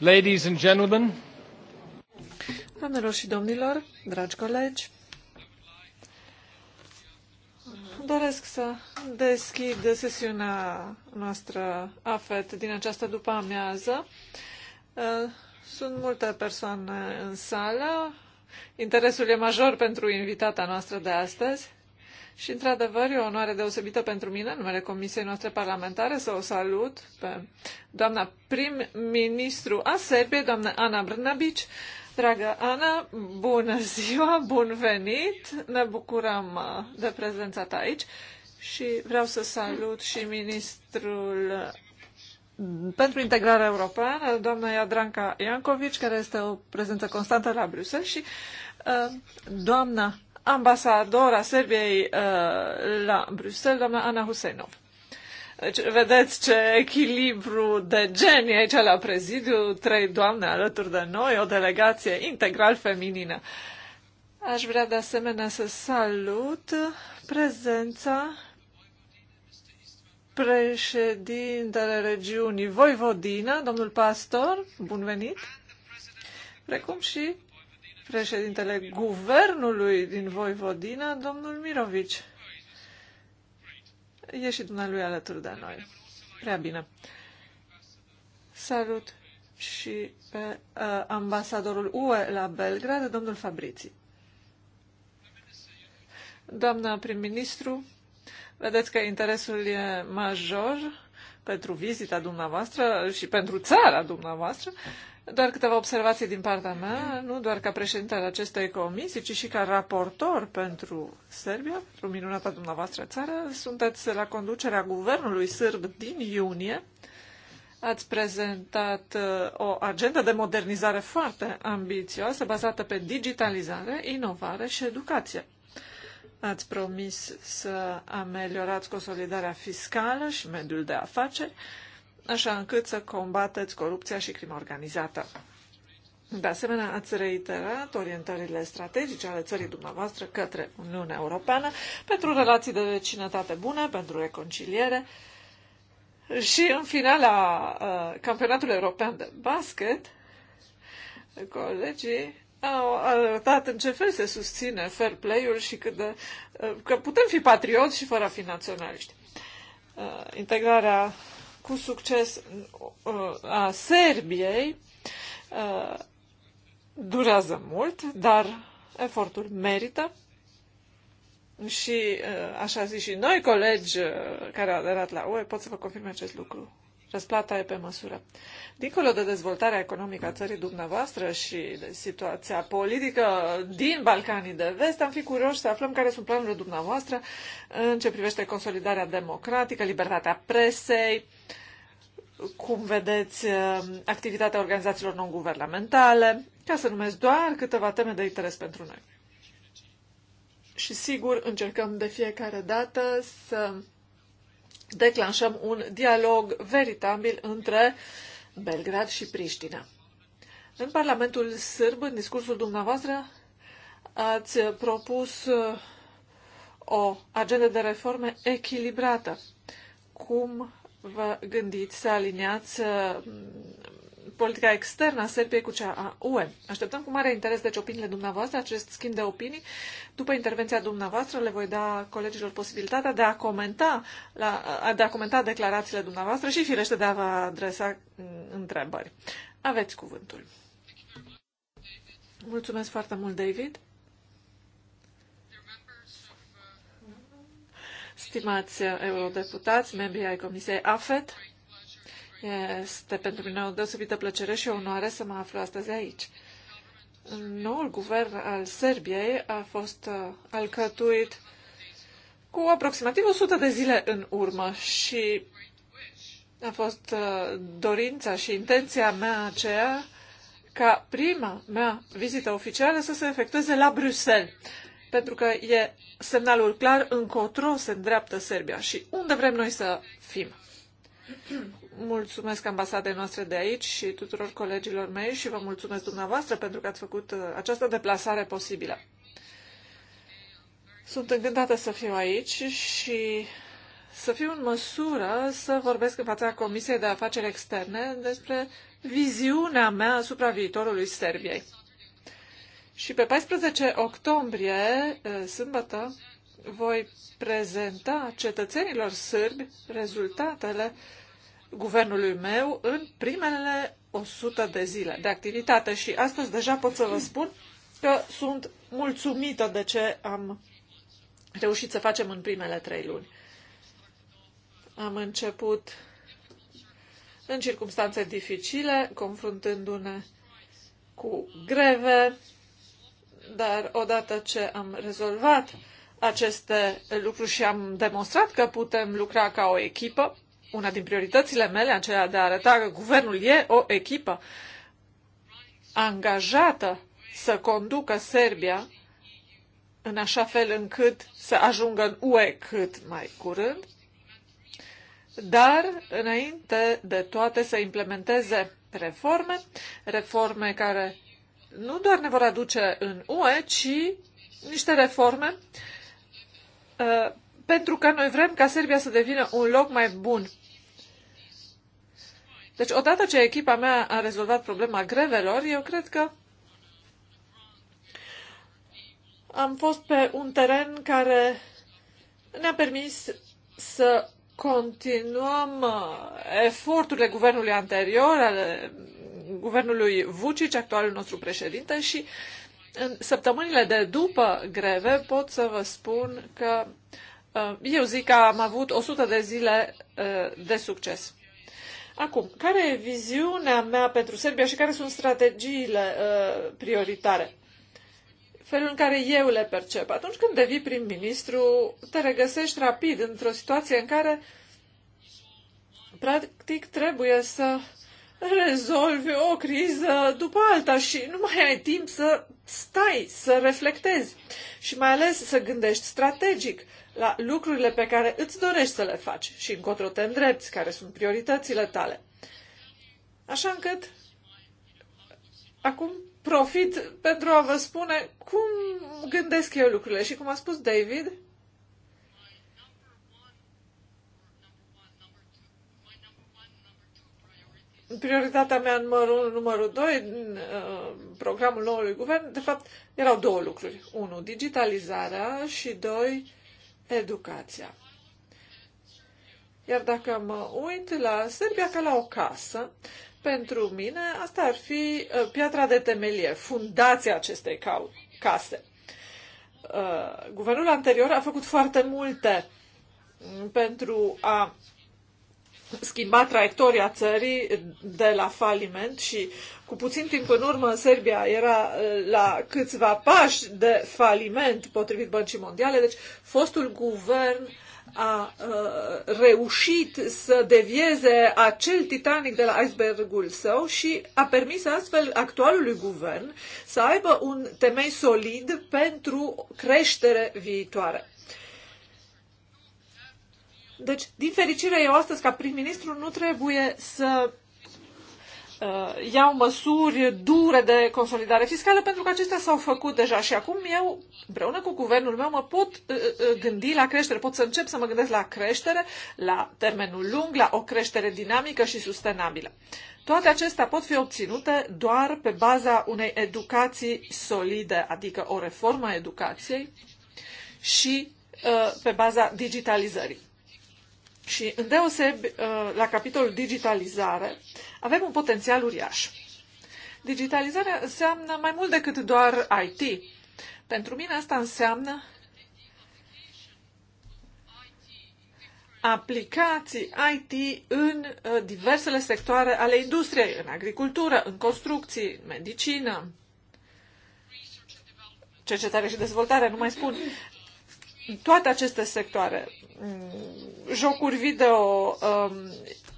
Ladies and gentlemen. Doamnelor și domnilor, dragi colegi, doresc să deschid sesiunea noastră AFET din această după amiază. Uh, sunt multe persoane în sală. Interesul e major pentru invitata noastră de astăzi. Și, într-adevăr, e o onoare deosebită pentru mine, în numele Comisiei noastre parlamentare, să o salut pe doamna prim-ministru a Serbiei, doamna Ana Brnabic. Dragă Ana, bună ziua, bun venit! Ne bucurăm uh, de prezența ta aici și vreau să salut și ministrul uh, pentru integrarea europeană, doamna Iadranca Iancovici, care este o prezență constantă la Bruxelles și uh, doamna ambasadora Serbiei uh, la Bruxelles, doamna Ana Husenov. Deci, vedeți ce echilibru de geni aici la prezidiu, trei doamne alături de noi, o delegație integral feminină. Aș vrea de asemenea să salut prezența președintele regiunii Voivodina, domnul pastor, bun venit, precum și președintele guvernului din Voivodina, domnul Mirovici. E și dumnealui alături de noi. Prea bine. Salut și pe uh, ambasadorul UE la Belgrad, domnul Fabrizi. Doamna prim-ministru, vedeți că interesul e major pentru vizita dumneavoastră și pentru țara dumneavoastră. Uh, doar câteva observații din partea mea, nu doar ca președinte al acestei comisii, ci și ca raportor pentru Serbia, pentru minunata dumneavoastră țară. Sunteți la conducerea guvernului sârb din iunie. Ați prezentat uh, o agendă de modernizare foarte ambițioasă, bazată pe digitalizare, inovare și educație. Ați promis să ameliorați consolidarea fiscală și mediul de afaceri așa încât să combateți corupția și crima organizată. De asemenea, ați reiterat orientările strategice ale țării dumneavoastră către Uniunea Europeană pentru relații de vecinătate bune, pentru reconciliere și, în final, la uh, campionatul european de basket, colegii au arătat în ce fel se susține fair play-ul și cât de, uh, că putem fi patrioți și fără a fi naționaliști. Uh, integrarea cu succes uh, a Serbiei uh, durează mult, dar efortul merită. Și uh, așa zis și noi, colegi care au aderat la UE, pot să vă confirme acest lucru. Răsplata e pe măsură. Dincolo de dezvoltarea economică a țării dumneavoastră și de situația politică din Balcanii de Vest, am fi curioși să aflăm care sunt planurile dumneavoastră în ce privește consolidarea democratică, libertatea presei, cum vedeți um, activitatea organizațiilor non-guvernamentale, ca să numesc doar câteva teme de interes pentru noi. Și sigur, încercăm de fiecare dată să declanșăm un dialog veritabil între Belgrad și Priștina. În Parlamentul Sârb, în discursul dumneavoastră, ați propus uh, o agendă de reforme echilibrată. Cum vă gândiți să aliniați uh, politica externă a Serbiei cu cea a UE. Așteptăm cu mare interes, deci, opiniile dumneavoastră, acest schimb de opinii. După intervenția dumneavoastră, le voi da colegilor posibilitatea de a comenta, la, de a comenta declarațiile dumneavoastră și, firește, de a vă adresa întrebări. Aveți cuvântul. Mulțumesc foarte mult, David. Stimați uh, eurodeputați, membrii ai Comisiei AFET, este pentru mine o deosebită plăcere și o onoare să mă aflu astăzi aici. Noul guvern al Serbiei a fost uh, alcătuit cu aproximativ 100 de zile în urmă și a fost uh, dorința și intenția mea aceea ca prima mea vizită oficială să se efectueze la Bruxelles, pentru că e semnalul clar încotro se îndreaptă Serbia și unde vrem noi să fim. Mulțumesc ambasadei noastre de aici și tuturor colegilor mei și vă mulțumesc dumneavoastră pentru că ați făcut uh, această deplasare posibilă. Sunt încântată să fiu aici și să fiu în măsură să vorbesc în fața Comisiei de Afaceri Externe despre viziunea mea asupra viitorului Serbiei. Și pe 14 octombrie, uh, sâmbătă, voi prezenta cetățenilor sârbi rezultatele uh, guvernului meu în primele 100 de zile de activitate și astăzi deja pot să vă spun că sunt mulțumită de ce am reușit să facem în primele trei luni. Am început în circunstanțe dificile, confruntându-ne cu greve, dar odată ce am rezolvat aceste lucruri și am demonstrat că putem lucra ca o echipă, una din prioritățile mele, aceea de a arăta că guvernul e o echipă angajată să conducă Serbia în așa fel încât să ajungă în UE cât mai curând, dar înainte de toate să implementeze reforme, reforme care nu doar ne vor aduce în UE, ci niște reforme uh, pentru că noi vrem ca Serbia să devină un loc mai bun deci, odată ce echipa mea a rezolvat problema grevelor, eu cred că am fost pe un teren care ne-a permis să continuăm uh, eforturile guvernului anterior, ale guvernului Vucic, actualul nostru președinte, și în săptămânile de după greve pot să vă spun că uh, eu zic că am avut 100 de zile uh, de succes. Acum, care e viziunea mea pentru Serbia și care sunt strategiile uh, prioritare? Felul în care eu le percep. Atunci când devii prim-ministru, te regăsești rapid într-o situație în care, practic, trebuie să rezolvi o criză după alta și nu mai ai timp să stai, să reflectezi și mai ales să gândești strategic, la lucrurile pe care îți dorești să le faci și încotro te îndrepți, care sunt prioritățile tale. Așa încât acum profit pentru a vă spune cum gândesc eu lucrurile și cum a spus David, prioritatea mea numărul, numărul 2 în uh, programul noului guvern, de fapt, erau două lucruri. Unu, digitalizarea și doi, educația. Iar dacă mă uit la Serbia ca la o casă, pentru mine asta ar fi uh, piatra de temelie, fundația acestei case. Uh, guvernul anterior a făcut foarte multe pentru a schimba traiectoria țării de la faliment și cu puțin timp în urmă Serbia era uh, la câțiva pași de faliment potrivit Băncii Mondiale, deci fostul guvern a uh, reușit să devieze acel Titanic de la icebergul său și a permis astfel actualului guvern să aibă un temei solid pentru creștere viitoare. Deci, din fericire, eu astăzi, ca prim-ministru, nu trebuie să uh, iau măsuri dure de consolidare fiscală, pentru că acestea s-au făcut deja și acum eu, împreună cu guvernul meu, mă pot uh, uh, gândi la creștere, pot să încep să mă gândesc la creștere, la termenul lung, la o creștere dinamică și sustenabilă. Toate acestea pot fi obținute doar pe baza unei educații solide, adică o reformă a educației și uh, pe baza digitalizării. Și, îndeosebi, uh, la capitolul digitalizare, avem un potențial uriaș. Digitalizarea înseamnă mai mult decât doar IT. Pentru mine asta înseamnă aplicații IT în uh, diversele sectoare ale industriei, în agricultură, în construcții, în medicină, cercetare și dezvoltare, nu mai spun, toate aceste sectoare, mm, jocuri video, um,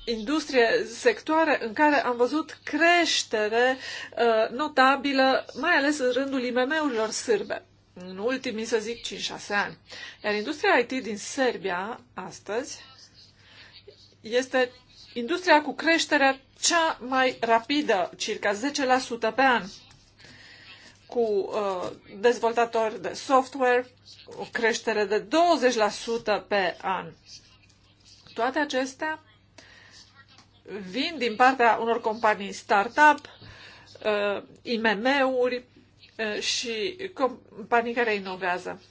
industrie, sectoare în care am văzut creștere uh, notabilă, mai ales în rândul IMM-urilor sârbe în ultimii, să zic, 5-6 ani. Iar industria IT din Serbia, astăzi, este industria cu creșterea cea mai rapidă, circa 10% pe an cu uh, dezvoltatori de software, o creștere de 20% pe an. Toate acestea vin din partea unor companii startup, uh, IMM-uri uh, și companii care inovează.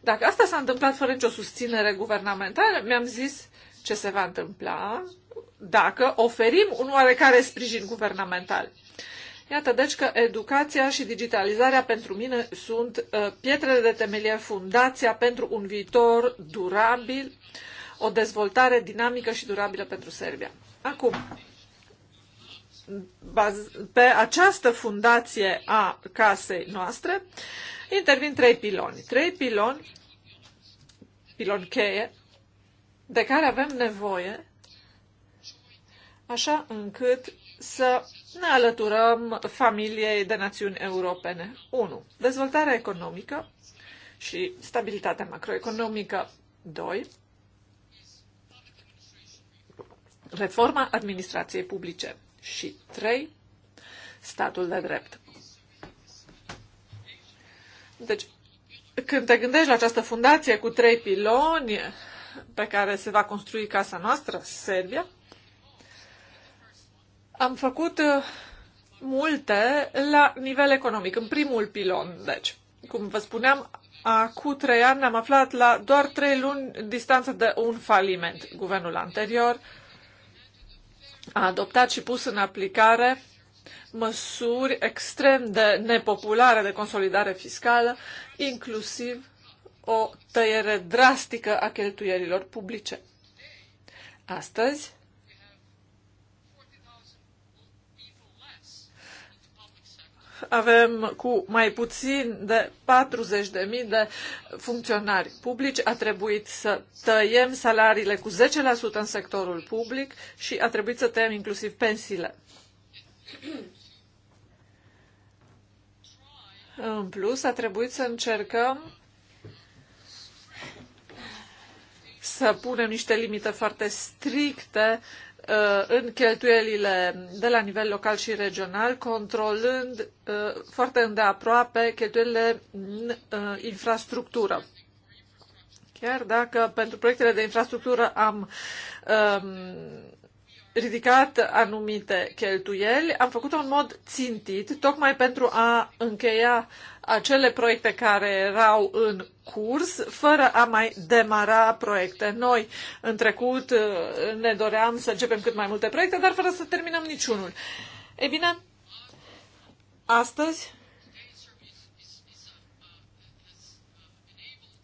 Dacă asta s-a întâmplat fără nicio susținere guvernamentală, mi-am zis ce se va întâmpla dacă oferim un oarecare sprijin guvernamental. Iată deci că educația și digitalizarea pentru mine sunt uh, pietrele de temelie, fundația pentru un viitor durabil, o dezvoltare dinamică și durabilă pentru Serbia. Acum, pe această fundație a casei noastre intervin trei piloni. Trei piloni, piloni cheie, de care avem nevoie, așa încât să ne alăturăm familiei de națiuni europene. 1. Dezvoltarea economică și stabilitatea macroeconomică. 2. Reforma administrației publice. Și 3. Statul de drept. Deci, când te gândești la această fundație cu trei piloni pe care se va construi casa noastră, Serbia, am făcut uh, multe la nivel economic, în primul pilon. Deci, cum vă spuneam, acum trei ani ne-am aflat la doar trei luni distanță de un faliment. Guvernul anterior a adoptat și pus în aplicare măsuri extrem de nepopulare de consolidare fiscală, inclusiv o tăiere drastică a cheltuielilor publice. Astăzi, avem cu mai puțin de 40.000 de funcționari publici. A trebuit să tăiem salariile cu 10% în sectorul public și a trebuit să tăiem inclusiv pensiile. În plus, a trebuit să încercăm să punem niște limite foarte stricte uh, Uh, în cheltuielile de la nivel local și regional, controlând uh, foarte îndeaproape cheltuielile în uh, infrastructură. Chiar dacă pentru proiectele de infrastructură am um, ridicat anumite cheltuieli, am făcut-o în mod țintit, tocmai pentru a încheia acele proiecte care erau în curs, fără a mai demara proiecte. Noi, în trecut, uh, ne doream să începem cât mai multe proiecte, dar fără să terminăm niciunul. E bine, astăzi,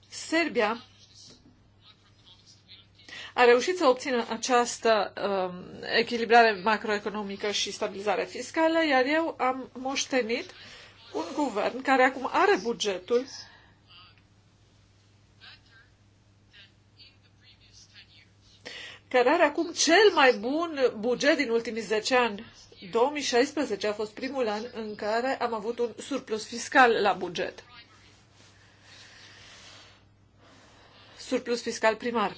Serbia a reușit să obțină această um, echilibrare macroeconomică și stabilizare fiscală, iar eu am moștenit uh, un guvern care acum are bugetul care are acum cel mai bun buget din ultimii 10 ani. 2016 a fost primul an în care am avut un surplus fiscal la buget. Surplus fiscal primar.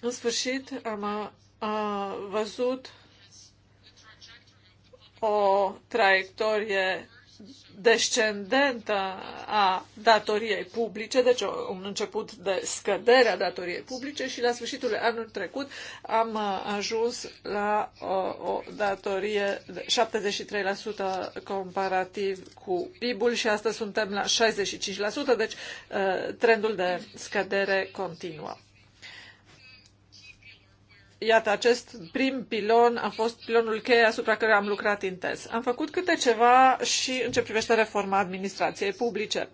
În sfârșit, am a, a, văzut o traiectorie descendentă a datoriei publice, deci un început de scădere a datoriei publice și la sfârșitul anului trecut am uh, ajuns la o, o datorie de 73% comparativ cu PIB-ul și astăzi suntem la 65%, deci uh, trendul de scădere continuă. Iată, acest prim pilon a fost pilonul cheie asupra căruia am lucrat intens. Am făcut câte ceva și în ce privește reforma administrației publice.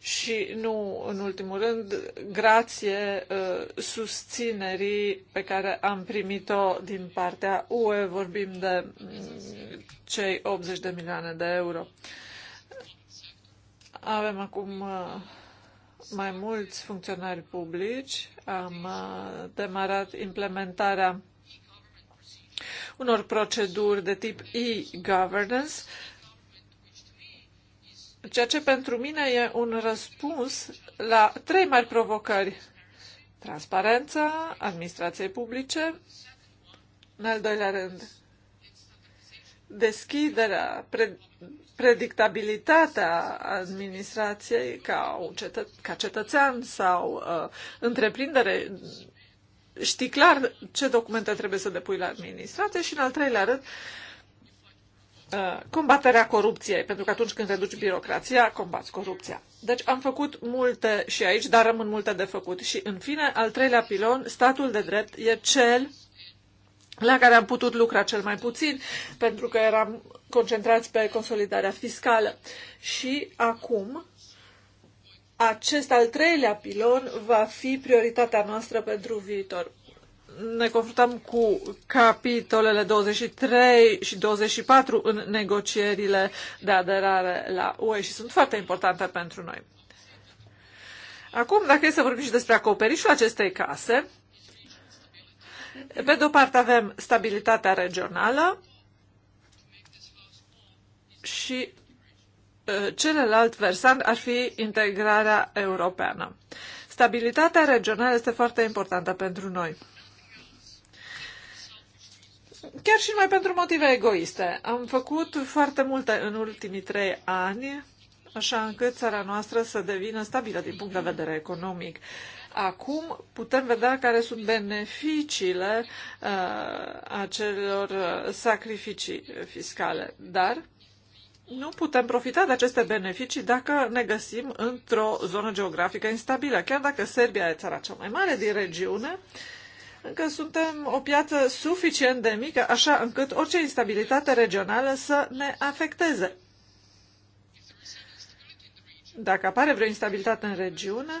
Și nu în ultimul rând, grație uh, susținerii pe care am primit-o din partea UE, vorbim de mm, cei 80 de milioane de euro. Avem acum uh, mai mulți funcționari publici. Am uh, demarat implementarea unor proceduri de tip e-governance, ceea ce pentru mine e un răspuns la trei mari provocări. Transparența administrației publice, în al doilea rând, deschiderea, predictabilitatea administrației ca, un cetă, ca cetățean sau uh, întreprindere, știi clar ce documente trebuie să depui la administrație și, în al treilea rând, uh, combaterea corupției, pentru că atunci când reduci birocrația, combați corupția. Deci am făcut multe și aici, dar rămân multe de făcut. Și, în fine, al treilea pilon, statul de drept, e cel la care am putut lucra cel mai puțin, pentru că eram concentrați pe consolidarea fiscală. Și acum, acest al treilea pilon va fi prioritatea noastră pentru viitor. Ne confruntăm cu capitolele 23 și 24 în negocierile de aderare la UE și sunt foarte importante pentru noi. Acum, dacă e să vorbim și despre acoperișul acestei case, pe de o parte avem stabilitatea regională și celălalt versant ar fi integrarea europeană. Stabilitatea regională este foarte importantă pentru noi. Chiar și mai pentru motive egoiste. Am făcut foarte multe în ultimii trei ani, așa încât țara noastră să devină stabilă din punct de vedere economic. Uh, Acum putem vedea care sunt beneficiile uh, acelor uh, sacrificii fiscale, dar nu putem profita de aceste beneficii dacă ne găsim într-o zonă geografică instabilă. Chiar dacă Serbia e țara cea mai mare din regiune, încă suntem o piață suficient de mică, așa încât orice instabilitate regională să ne afecteze. Dacă apare vreo instabilitate în regiune,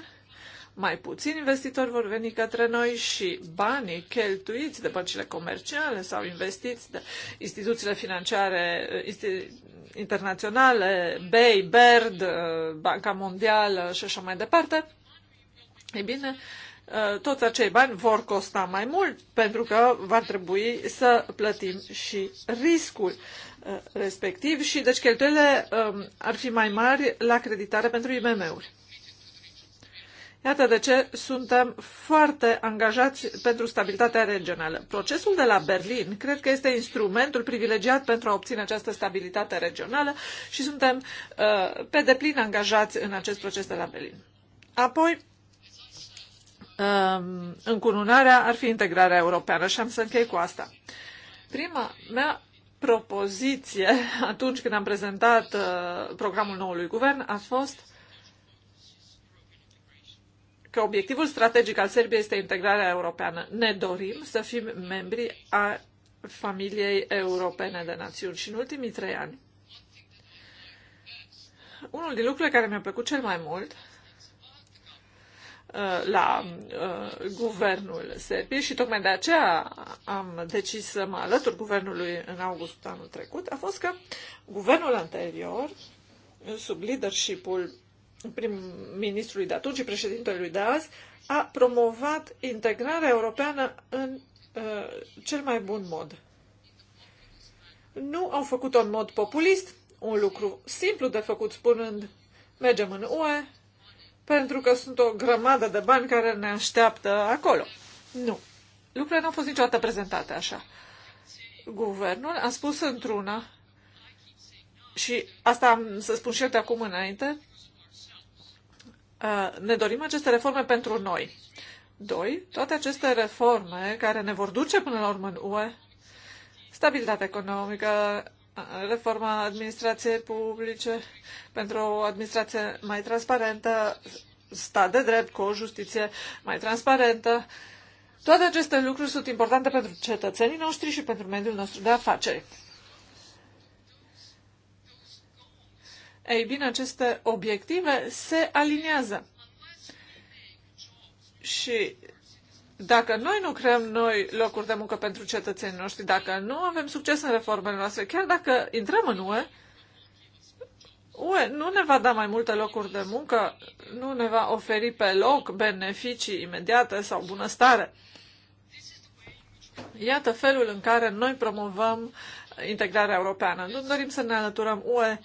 mai puțini investitori vor veni către noi și banii cheltuiți de băncile comerciale sau investiți de instituțiile financiare eh, internaționale, BEI, BERD, eh, Banca Mondială și așa mai departe, e bine, eh, toți acei bani vor costa mai mult pentru că va trebui să plătim și riscul respectiv și deci cheltuielile ar fi mai mari la creditare pentru IMM-uri. Iată de ce suntem foarte angajați pentru stabilitatea regională. Procesul de la Berlin cred că este instrumentul privilegiat pentru a obține această stabilitate regională și suntem uh, pe deplin angajați în acest proces de la Berlin. Apoi, uh, încununarea ar fi integrarea europeană și am să închei cu asta. Prima mea propoziție atunci când am prezentat uh, programul noului guvern a fost uh, că obiectivul strategic al Serbiei este integrarea europeană. Ne dorim să fim membri a familiei europene de națiuni și în ultimii trei ani. Unul din lucrurile care mi-a plăcut cel mai mult uh, la uh, guvernul Serbiei și tocmai de aceea am decis să mă alătur guvernului în august anul trecut, a fost că guvernul anterior, sub leadership-ul prim-ministrului de atunci și președintelui de azi, a promovat integrarea europeană în uh, cel mai bun mod. Nu au făcut-o în mod populist, un lucru simplu de făcut spunând mergem în UE, pentru că sunt o grămadă de bani care ne așteaptă acolo. Nu. Lucrurile nu au fost niciodată prezentate așa. Guvernul a spus într-una, și asta am să spun și eu de acum înainte, ne dorim aceste reforme pentru noi. Doi, toate aceste reforme care ne vor duce până la urmă în UE, stabilitate economică, reforma administrației publice pentru o administrație mai transparentă, stat de drept cu o justiție mai transparentă. Toate aceste lucruri sunt importante pentru cetățenii noștri și pentru mediul nostru de afaceri. Ei bine, aceste obiective se aliniază. Și dacă noi nu creăm noi locuri de muncă pentru cetățenii noștri, dacă nu avem succes în reformele noastre, chiar dacă intrăm în UE, UE nu ne va da mai multe locuri de muncă, nu ne va oferi pe loc beneficii imediate sau bunăstare. Iată felul în care noi promovăm integrarea europeană. Nu dorim să ne alăturăm UE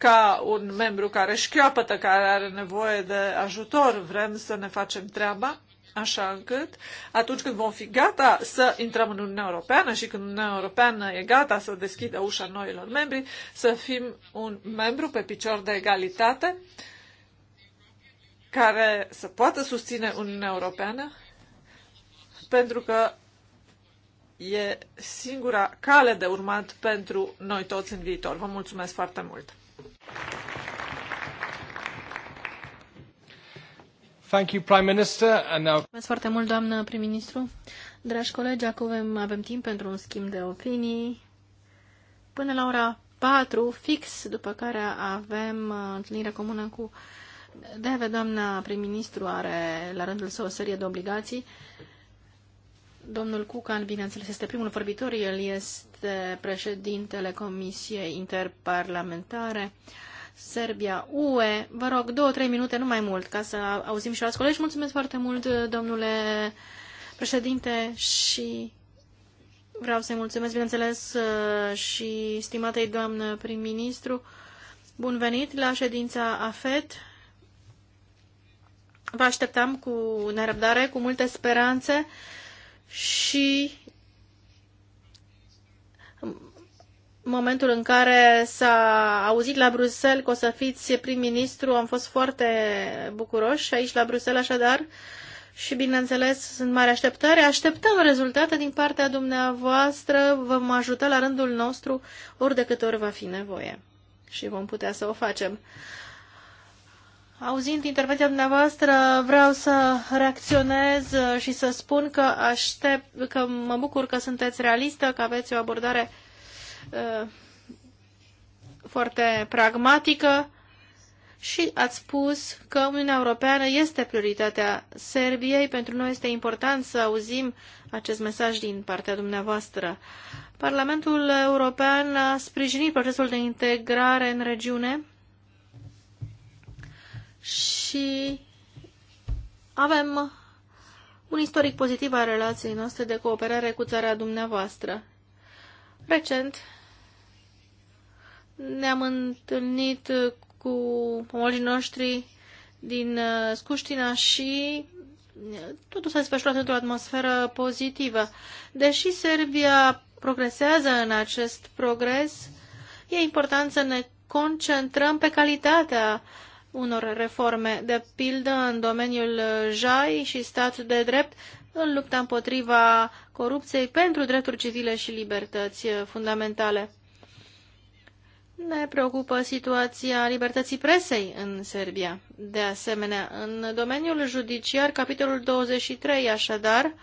ca un membru care își șchioapătă, care are nevoie de ajutor. Vrem să ne facem treaba așa încât atunci când vom fi gata să intrăm în Uniunea Europeană și când Uniunea Europeană e gata să deschidă ușa noilor membri, să fim un membru pe picior de egalitate care să poată susține Uniunea Europeană pentru că e singura cale de urmat pentru noi toți în viitor. Vă mulțumesc foarte mult! Thank you, Prime Minister. And now... Mulțumesc foarte mult, doamnă prim-ministru. Dragi colegi, acum avem timp pentru un schimb de opinii. Până la ora 4, fix, după care avem uh, întâlnirea comună cu Deve, doamna prim-ministru are la rândul său o serie de obligații Domnul Cucan, bineînțeles, este primul vorbitor. El este președintele Comisiei Interparlamentare Serbia-UE. Vă rog, două, trei minute, nu mai mult, ca să auzim și alți colegi. Mulțumesc foarte mult, domnule președinte, și vreau să-i mulțumesc, bineînțeles, și stimatei doamnă prim-ministru. Bun venit la ședința AFET. Vă așteptam cu nerăbdare, cu multe speranțe și momentul în care s-a auzit la Bruxelles că o să fiți prim-ministru, am fost foarte bucuroși aici la Bruxelles așadar și bineînțeles sunt mari așteptări. Așteptăm rezultate din partea dumneavoastră, vom ajuta la rândul nostru ori de câte ori va fi nevoie și vom putea să o facem. Auzind intervenția dumneavoastră, vreau să reacționez uh, și să spun că aștept, că mă bucur că sunteți realistă, că aveți o abordare uh, foarte pragmatică și ați spus că Uniunea Europeană este prioritatea Serbiei. Pentru noi este important să auzim acest mesaj din partea dumneavoastră. Parlamentul European a sprijinit procesul de integrare în regiune și avem un istoric pozitiv al relației noastre de cooperare cu țara dumneavoastră. Recent ne-am întâlnit cu omologii noștri din uh, Scuștina și uh, totul s-a desfășurat într-o atmosferă pozitivă. Deși Serbia progresează în acest progres, e important să ne concentrăm pe calitatea unor reforme, de pildă în domeniul JAI și stat de drept, în lupta împotriva corupției pentru drepturi civile și libertăți eh, fundamentale. Ne preocupă situația libertății presei în Serbia. De asemenea, în domeniul judiciar, capitolul 23, așadar,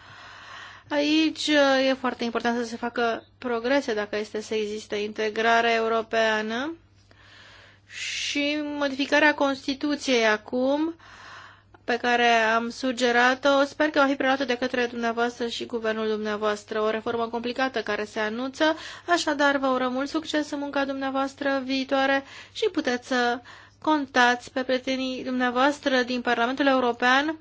aici eh, e foarte important să se facă progrese dacă este să existe integrare europeană și modificarea Constituției acum, pe care am sugerat-o, sper că va fi preluată de către dumneavoastră și guvernul dumneavoastră. O reformă complicată care se anunță, așadar vă urăm mult succes în munca dumneavoastră viitoare și puteți să contați pe prietenii dumneavoastră din Parlamentul European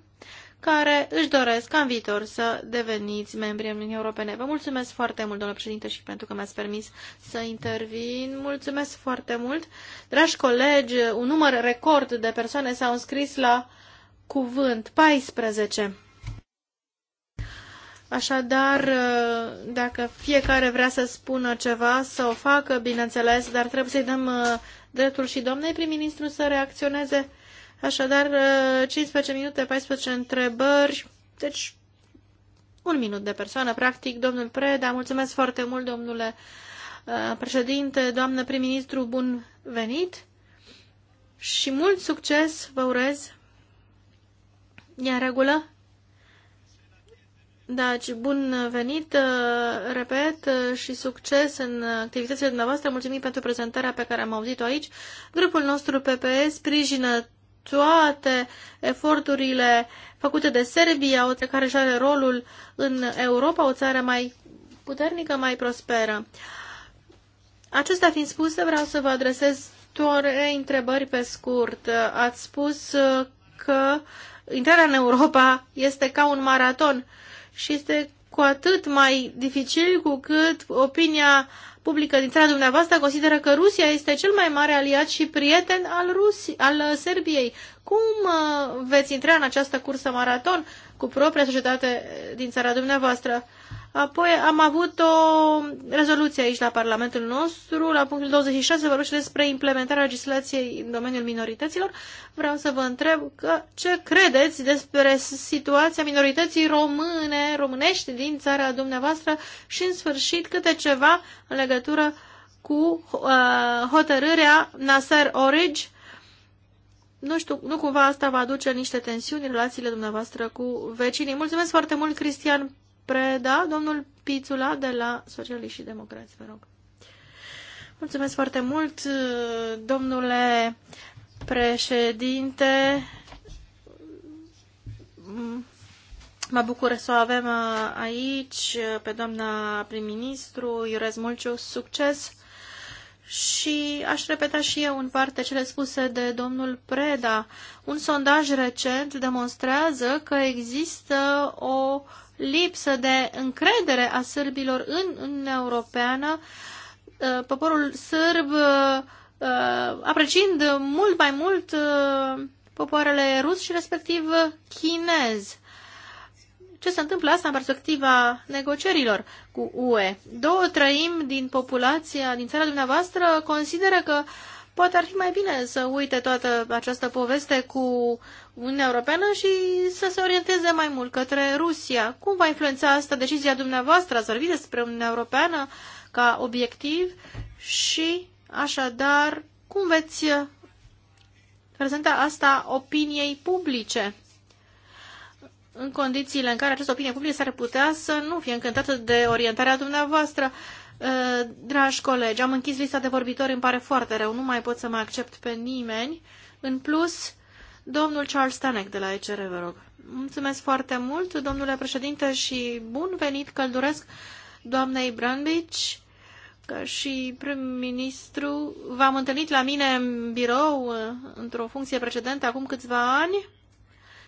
care își doresc ca în viitor să deveniți membri în Uniunii Europene. Vă mulțumesc foarte mult, domnule președinte, și pentru că mi-ați permis să intervin. Mulțumesc foarte mult. Dragi colegi, un număr record de persoane s-au înscris la cuvânt. 14. Așadar, dacă fiecare vrea să spună ceva, să o facă, bineînțeles, dar trebuie să-i dăm uh, dreptul și doamnei prim-ministru să reacționeze Așadar, 15 uh, minute, 14 întrebări, deci un minut de persoană, practic. Domnul Preda, mulțumesc foarte mult, domnule uh, președinte, doamnă prim-ministru, bun venit și mult succes vă urez. E în regulă? Deci, bun venit, uh, repet, și succes în activitățile dumneavoastră. Mulțumim pentru prezentarea pe care am auzit-o aici. Grupul nostru PPS, sprijină toate eforturile făcute de Serbia, o țară care își are rolul în Europa, o țară mai puternică, mai prosperă. Acestea fiind spuse, vreau să vă adresez toate întrebări pe scurt. Ați spus uh, că intrarea în Europa este ca un maraton și este cu atât mai dificil cu cât opinia publică din țara dumneavoastră consideră că Rusia este cel mai mare aliat și prieten al, Rusi, al Serbiei. Cum uh, veți intra în această cursă maraton cu propria societate din țara dumneavoastră? Apoi am avut o rezoluție aici la Parlamentul nostru, la punctul 26, vorbește despre implementarea legislației în domeniul minorităților. Vreau să vă întreb că ce credeți despre situația minorității române, românești din țara dumneavoastră și, în sfârșit, câte ceva în legătură cu uh, hotărârea Nasser orij? nu știu, nu cumva asta va aduce niște tensiuni în relațiile dumneavoastră cu vecinii. Mulțumesc foarte mult, Cristian Preda, domnul Pițula de la Socialiști și Democrați, vă rog. Mulțumesc foarte mult, domnule președinte. Mă bucur să o avem aici pe doamna prim-ministru. Îi urez mult succes și aș repeta și eu în parte cele spuse de domnul Preda. Un sondaj recent demonstrează că există o lipsă de încredere a sârbilor în Uniunea Europeană, uh, poporul sârb uh, uh, apreciind mult mai mult popoarele rus și respectiv chinez. Ce se întâmplă asta în perspectiva negocierilor cu UE? Două trăim din populația din țara dumneavoastră consideră că uh, Poate ar fi mai bine să uite toată această poveste cu Uniunea Europeană și să se orienteze mai mult către Rusia. Cum va influența asta decizia dumneavoastră? Ați vorbit despre Uniunea Europeană ca obiectiv și așadar cum veți prezenta asta opiniei publice? în condițiile în care această opinie publică s-ar putea să nu fie încântată de orientarea dumneavoastră. Uh, dragi colegi, am închis lista de vorbitori, îmi pare foarte rău, nu mai pot să mai accept pe nimeni. În plus, domnul Charles Stanek de la ECR, vă rog. Mulțumesc foarte mult, domnule președinte, și bun venit călduresc doamnei Brandbici ca și prim-ministru, v-am întâlnit la mine în birou, uh, într-o funcție precedentă, acum câțiva ani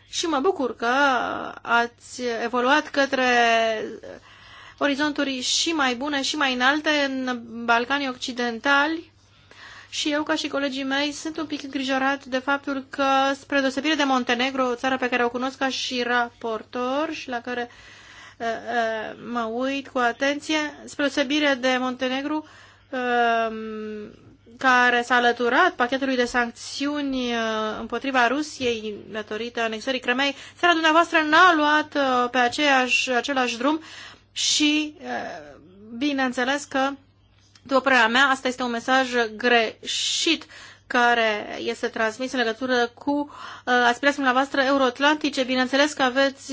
și mă bucur că ați evoluat către orizonturi și mai bune și mai înalte în Balcanii Occidentali și eu, ca și colegii mei, sunt un pic îngrijorat de faptul că, spre deosebire de Montenegro, o țară pe care o cunosc ca și raportor și la care uh, uh, mă uit cu atenție, spre deosebire de Montenegro, uh, care s-a alăturat pachetului de sancțiuni uh, împotriva Rusiei datorită anexării Cremei. Țara dumneavoastră n-a luat uh, pe aceeași, același drum și, bineînțeles că, după părerea mea, asta este un mesaj greșit care este transmis în legătură cu uh, aspirațiile dumneavoastră euroatlantice. Bineînțeles că aveți,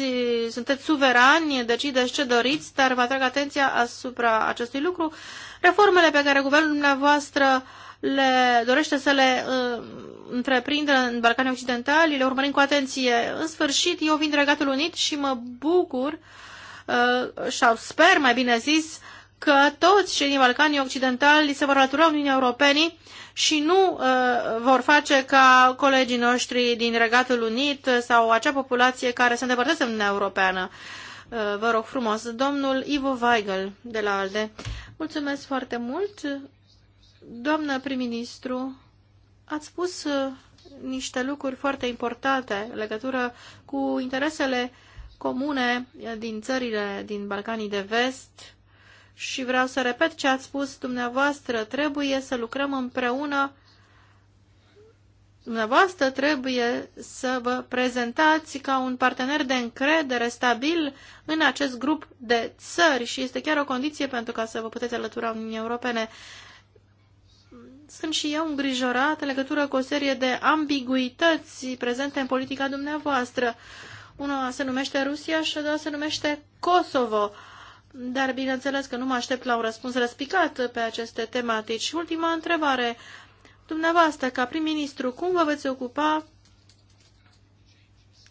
sunteți suverani, decideți ce doriți, dar vă atrag atenția asupra acestui lucru. Reformele pe care guvernul dumneavoastră le dorește să le uh, întreprindă în Balcanii Occidentali, le urmărim cu atenție. În sfârșit, eu vin de Regatul Unit și mă bucur uh, sau uh, sper, mai bine zis, că toți cei din Balcanii Occidentali se vor alătura Uniunii Europene și nu uh, vor face ca colegii noștri din Regatul Unit sau acea populație care se îndepărtează în Uniunea Europeană. Uh, vă rog frumos, domnul Ivo Weigel de la ALDE. Mulțumesc foarte mult. Doamnă prim-ministru, ați spus uh, niște lucruri foarte importante în legătură cu interesele uh, comune din țările din Balcanii de Vest și vreau să repet ce ați spus dumneavoastră, trebuie să lucrăm împreună Dumneavoastră trebuie să vă prezentați ca un partener de încredere stabil în acest grup de țări și este chiar o condiție pentru ca să vă puteți alătura Uniunii Europene. Sunt și eu îngrijorat în legătură cu o serie de ambiguități prezente în politica dumneavoastră. Una se numește Rusia și a doua se numește Kosovo. Dar bineînțeles că nu mă aștept la un răspuns răspicat pe aceste tematici. Și ultima întrebare. Dumneavoastră, ca prim-ministru, cum vă veți ocupa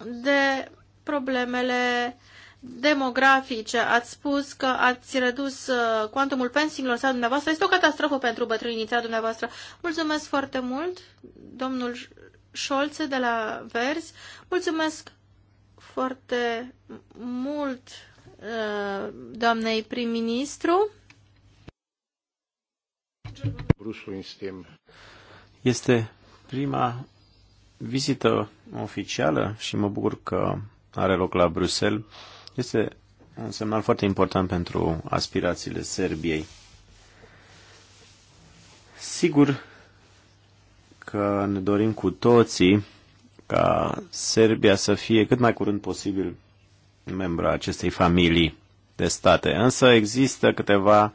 de problemele demografice. Ați spus că ați redus uh, cuantumul pensiilor sau dumneavoastră. Este o catastrofă pentru bătrânița dumneavoastră. Mulțumesc foarte mult, domnul Șolțe de la Verzi. Mulțumesc foarte mult uh, doamnei prim-ministru. Este prima vizită oficială și mă bucur că are loc la Bruxelles. Este un semnal foarte important pentru aspirațiile Serbiei. Sigur că ne dorim cu toții ca Serbia să fie cât mai curând posibil membru a acestei familii de state. Însă există câteva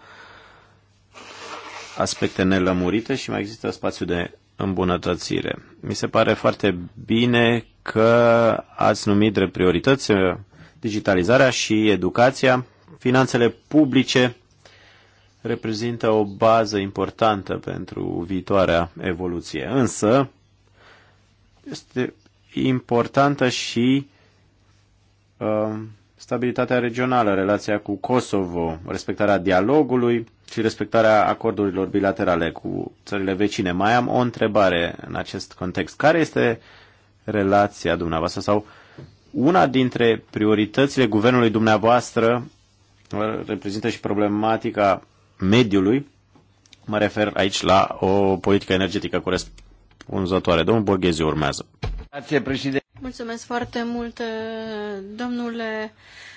aspecte nelămurite și mai există spațiu de îmbunătățire. Mi se pare foarte bine că ați numit drept priorități uh, digitalizarea și educația. Finanțele publice reprezintă o bază importantă pentru viitoarea evoluție. Însă, este importantă și uh, stabilitatea regională, relația cu Kosovo, respectarea dialogului și respectarea acordurilor bilaterale cu țările vecine. Mai am o întrebare în acest context. Care este relația dumneavoastră sau una dintre prioritățile guvernului dumneavoastră reprezintă și problematica mediului? Mă refer aici la o politică energetică corespunzătoare. Domnul Borghezi urmează. Mulțumesc foarte mult, domnule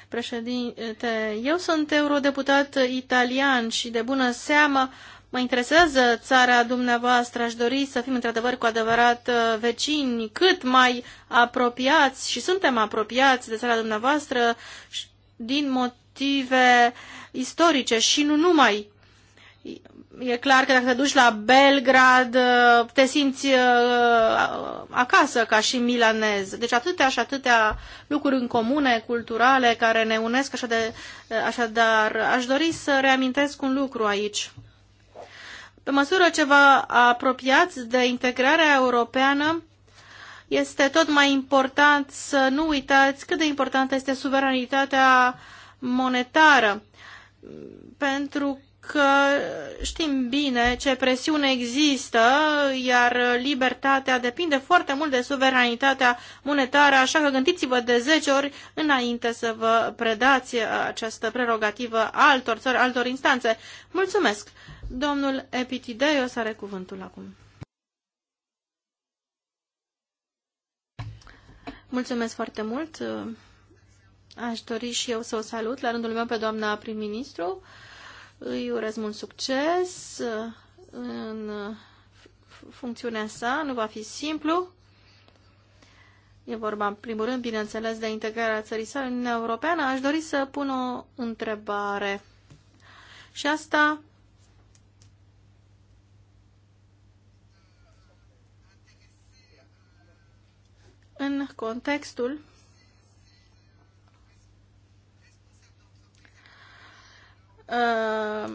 președinte. Eu sunt eurodeputat italian și de bună seamă mă interesează țara dumneavoastră. Aș dori să fim într-adevăr cu adevărat uh, vecini, cât mai apropiați și suntem apropiați de țara dumneavoastră din motive istorice și nu numai E clar că dacă te duci la Belgrad, uh, te simți uh, uh, acasă ca și milanez. Deci atâtea și atâtea lucruri în comune, culturale, care ne unesc așa de, așadar. Aș dori să reamintesc un lucru aici. Pe măsură ce vă apropiați de integrarea europeană, este tot mai important să nu uitați cât de importantă este suveranitatea monetară. Pentru că știm bine ce presiune există, iar libertatea depinde foarte mult de suveranitatea monetară, așa că gândiți-vă de 10 ori înainte să vă predați această prerogativă altor țări, altor instanțe. Mulțumesc! Domnul Epitideios are cuvântul acum. Mulțumesc foarte mult! Aș dori și eu să o salut la rândul meu pe doamna prim-ministru. Îi urez mult succes uh, în uh, funcțiunea sa, nu va fi simplu. E vorba, în primul rând, bineînțeles, de integrarea țării sale în Uniunea Europeană. Aș dori să pun o întrebare. Și asta în contextul Uh,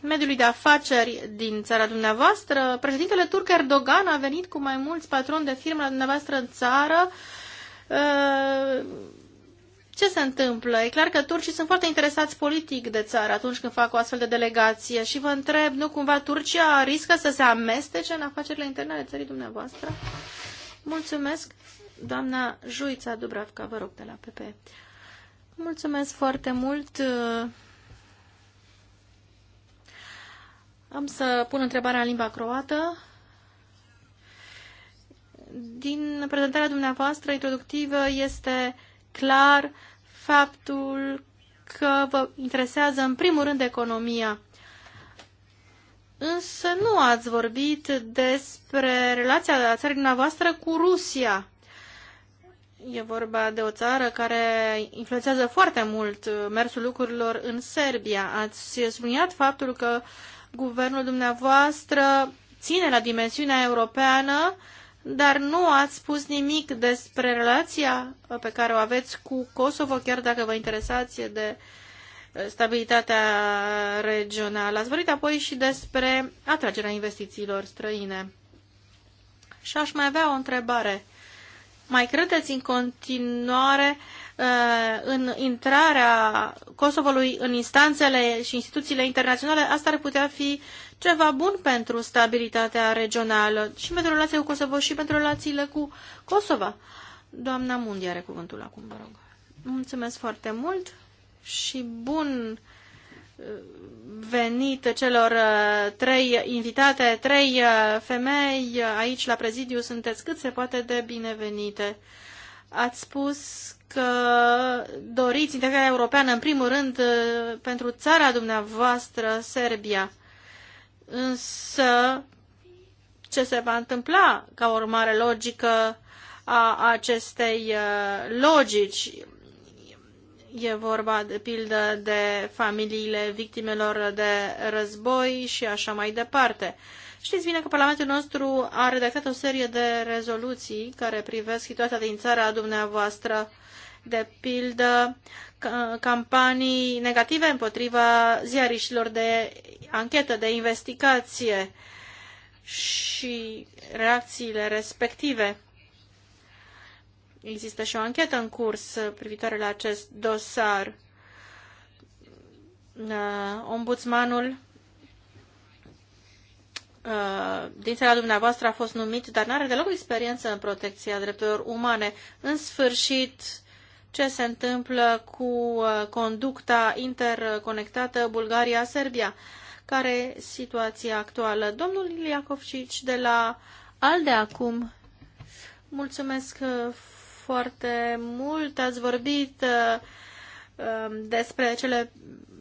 mediului de afaceri din țara dumneavoastră. Președintele turc Erdogan a venit cu mai mulți patroni de firme la dumneavoastră în țară. Uh, ce se întâmplă? E clar că turcii sunt foarte interesați politic de țară atunci când fac o astfel de delegație și vă întreb, nu cumva Turcia riscă să se amestece în afacerile interne ale țării dumneavoastră? Mulțumesc, doamna Juița Dubravca, vă rog, de la PP. Mulțumesc foarte mult. Am să pun întrebarea în limba croată. Din prezentarea dumneavoastră introductivă este clar faptul că vă interesează în primul rând economia. Însă nu ați vorbit despre relația țării dumneavoastră cu Rusia. E vorba de o țară care influențează foarte mult mersul lucrurilor în Serbia. Ați subliniat faptul că guvernul dumneavoastră ține la dimensiunea europeană, dar nu ați spus nimic despre relația pe care o aveți cu Kosovo, chiar dacă vă interesați de stabilitatea regională. Ați vorbit apoi și despre atragerea investițiilor străine. Și aș mai avea o întrebare mai credeți în continuare uh, în intrarea Kosovului în instanțele și instituțiile internaționale? Asta ar putea fi ceva bun pentru stabilitatea regională și pentru relația cu Kosovo și pentru relațiile cu Kosova. Doamna Mundi are cuvântul acum, vă rog. Mulțumesc foarte mult și bun venit celor uh, trei invitate, trei uh, femei uh, aici la prezidiu, sunteți cât se poate de binevenite. Ați spus că doriți integrarea europeană, în primul rând, pentru țara dumneavoastră, Serbia. Însă, ce se va întâmpla ca urmare logică a acestei logici? E vorba, de pildă, de familiile victimelor de război și așa mai departe. Știți bine că Parlamentul nostru a redactat o serie de rezoluții care privesc situația din țara dumneavoastră, de pildă campanii negative împotriva ziariștilor de anchetă, de investigație și reacțiile respective. Există și o anchetă în curs privitoare la acest dosar. Uh, ombudsmanul uh, din țara dumneavoastră a fost numit, dar nu are deloc experiență în protecția drepturilor umane. În sfârșit, ce se întâmplă cu uh, conducta interconectată Bulgaria-Serbia? Care situația actuală? Domnul Iliacovcici de la ALDE acum. Mulțumesc foarte mult. Ați vorbit uh, um, despre cele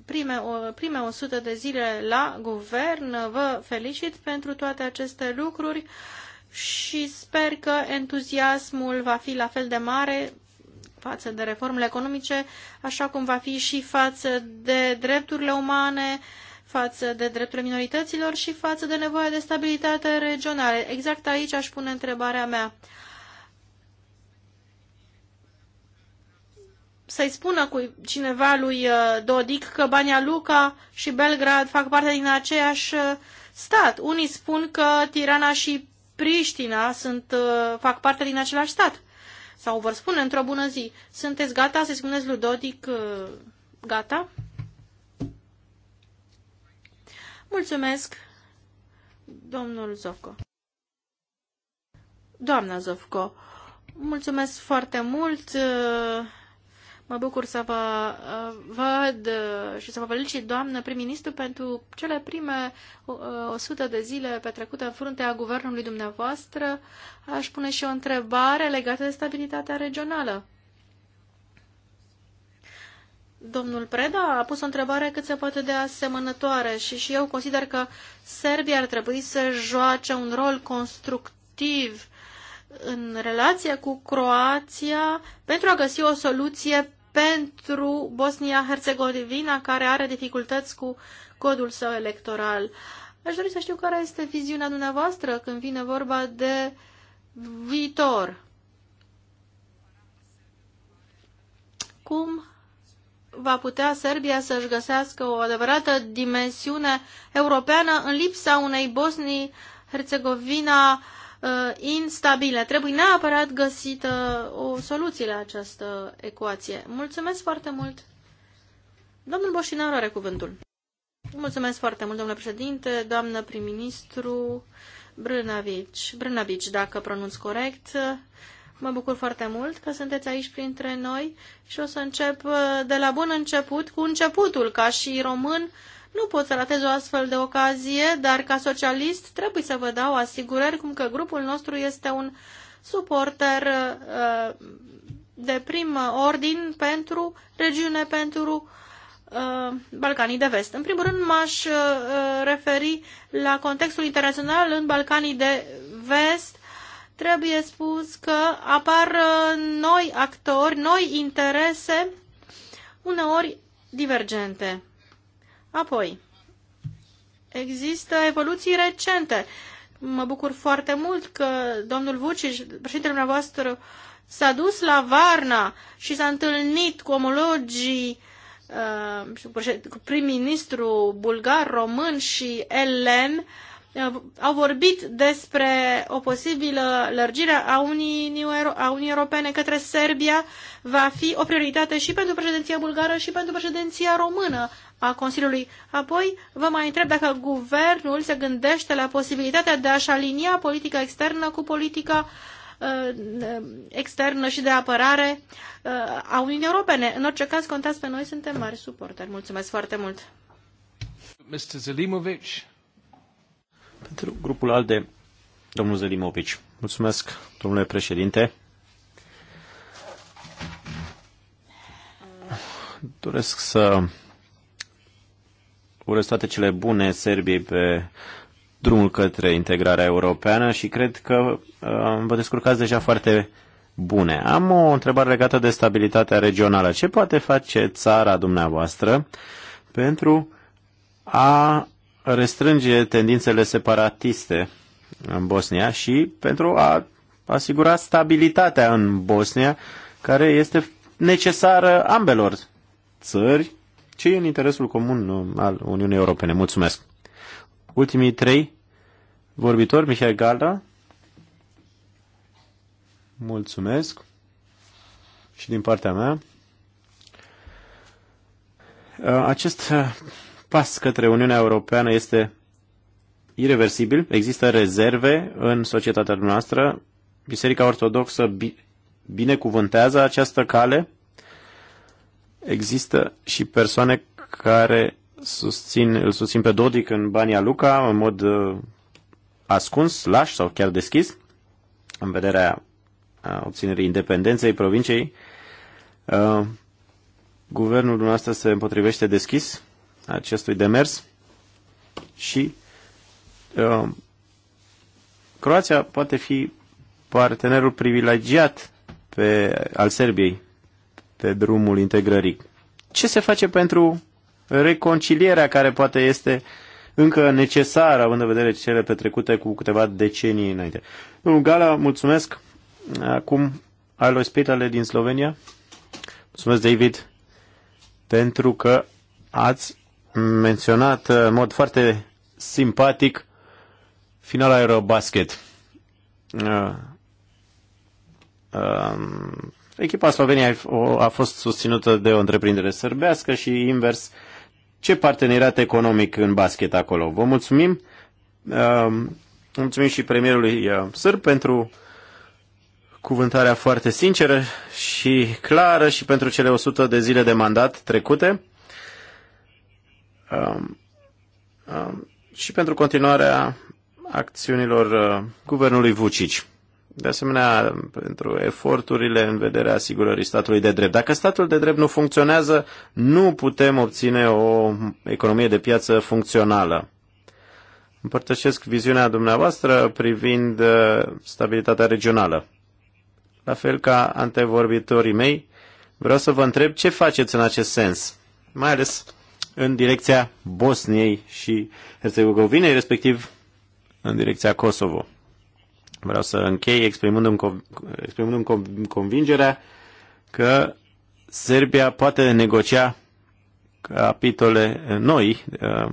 prime, prime 100 de zile la guvern. Vă felicit pentru toate aceste lucruri și sper că entuziasmul va fi la fel de mare față de reformele economice, așa cum va fi și față de drepturile umane, față de drepturile minorităților și față de nevoia de stabilitate regională. Exact aici aș pune întrebarea mea. să-i spună cu cineva lui uh, Dodic că Bania Luca și Belgrad fac parte din aceeași uh, stat. Unii spun că Tirana și Priștina sunt, uh, fac parte din același stat. Sau vor spune într-o bună zi. Sunteți gata să-i spuneți lui Dodic gata? Mulțumesc, domnul Zovco. Doamna Zovco, mulțumesc foarte mult. Mă bucur să vă uh, văd uh, și să vă felicit, doamnă prim-ministru, pentru cele prime 100 uh, de zile petrecute în fruntea guvernului dumneavoastră. Aș pune și o întrebare legată de stabilitatea regională. Domnul Preda a pus o întrebare cât se poate de asemănătoare și și eu consider că Serbia ar trebui să joace un rol constructiv în relație cu Croația pentru a găsi o soluție pentru Bosnia-Herzegovina, care are dificultăți cu codul său electoral. Aș dori să știu care este viziunea dumneavoastră când vine vorba de viitor. Cum va putea Serbia să-și găsească o adevărată dimensiune europeană în lipsa unei Bosnii-Herzegovina uh, Uh, instabile. Trebuie neapărat găsită uh, o soluție la această ecuație. Mulțumesc foarte mult! Domnul Boșinaru are cuvântul. Mulțumesc foarte mult, domnule președinte, doamnă prim-ministru Brânavici. Brânavici, dacă pronunț corect. Uh, mă bucur foarte mult că sunteți aici printre noi și o să încep de la bun început cu începutul, ca și român nu pot să ratez o astfel de ocazie, dar ca socialist trebuie să vă dau asigurări cum că grupul nostru este un suporter uh, de prim ordin pentru regiune, pentru uh, Balcanii de Vest. În primul rând m-aș uh, referi la contextul internațional în Balcanii de Vest. Trebuie spus că apar uh, noi actori, noi interese, uneori divergente. Apoi, există evoluții recente. Mă bucur foarte mult că domnul Vucic, președintele dumneavoastră, s-a dus la Varna și s-a întâlnit cu omologii uh, cu prim-ministru bulgar, român și elen uh, au vorbit despre o posibilă lărgire a Uniunii Unii Europene către Serbia va fi o prioritate și pentru președinția bulgară și pentru președinția română a Consiliului. Apoi vă mai întreb dacă guvernul se gândește la posibilitatea de a-și alinia politica externă cu politica uh, externă și de apărare uh, a Uniunii Europene. În orice caz, contați pe noi, suntem mari suporteri. Mulțumesc foarte mult! Mr. Zelimovic. Pentru grupul ALDE, domnul Zelimovic. Mulțumesc, domnule președinte. doresc să urez toate cele bune Serbiei pe drumul către integrarea europeană și cred că uh, vă descurcați deja foarte bune. Am o întrebare legată de stabilitatea regională. Ce poate face țara dumneavoastră pentru a restrânge tendințele separatiste în Bosnia și pentru a asigura stabilitatea în Bosnia, care este necesară ambelor țări e în interesul comun al Uniunii Europene. Mulțumesc! Ultimii trei vorbitori, Mihai Galda. Mulțumesc! Și din partea mea, acest pas către Uniunea Europeană este irreversibil. Există rezerve în societatea noastră. Biserica Ortodoxă binecuvântează această cale Există și persoane care susțin, îl susțin pe Dodic în Bania Luca în mod uh, ascuns, laș sau chiar deschis în vederea obținerii independenței provinciei. Uh, guvernul dumneavoastră se împotrivește deschis acestui demers și uh, Croația poate fi partenerul privilegiat pe, al Serbiei pe drumul integrării. Ce se face pentru reconcilierea care poate este încă necesară, având în vedere cele petrecute cu câteva decenii înainte? Domnul Gala, mulțumesc. Acum, al ospitale din Slovenia. Mulțumesc, David, pentru că ați menționat în mod foarte simpatic finala Eurobasket. Uh, uh, Echipa Slovenia a fost susținută de o întreprindere sărbească și invers. Ce parteneriat economic în basket acolo? Vă mulțumim. Uh, mulțumim și premierului uh, sârb pentru cuvântarea foarte sinceră și clară și pentru cele 100 de zile de mandat trecute uh, și pentru continuarea acțiunilor guvernului Vucic. De asemenea, pentru eforturile în vederea asigurării statului de drept. Dacă statul de drept nu funcționează, nu putem obține o economie de piață funcțională. Împărtășesc viziunea dumneavoastră privind uh, stabilitatea regională. La fel ca antevorbitorii mei, vreau să vă întreb ce faceți în acest sens, mai ales în direcția Bosniei și Herzegovinei, respectiv în direcția Kosovo. Vreau să închei exprimându-mi, exprimându-mi convingerea că Serbia poate negocia capitole noi uh,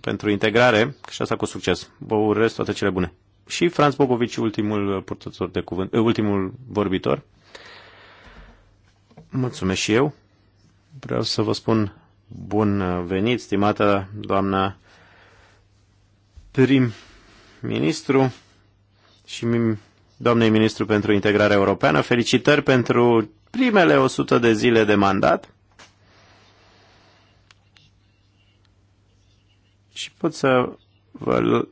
pentru integrare și asta cu succes. Vă urez toate cele bune. Și Franz Bogovici, ultimul uh, purtător de cuvânt, uh, ultimul vorbitor. Mulțumesc și eu. Vreau să vă spun bun venit, stimată doamna prim-ministru și mm, doamnei ministru pentru integrarea europeană. Felicitări pentru primele 100 de zile de mandat. Și pot să vă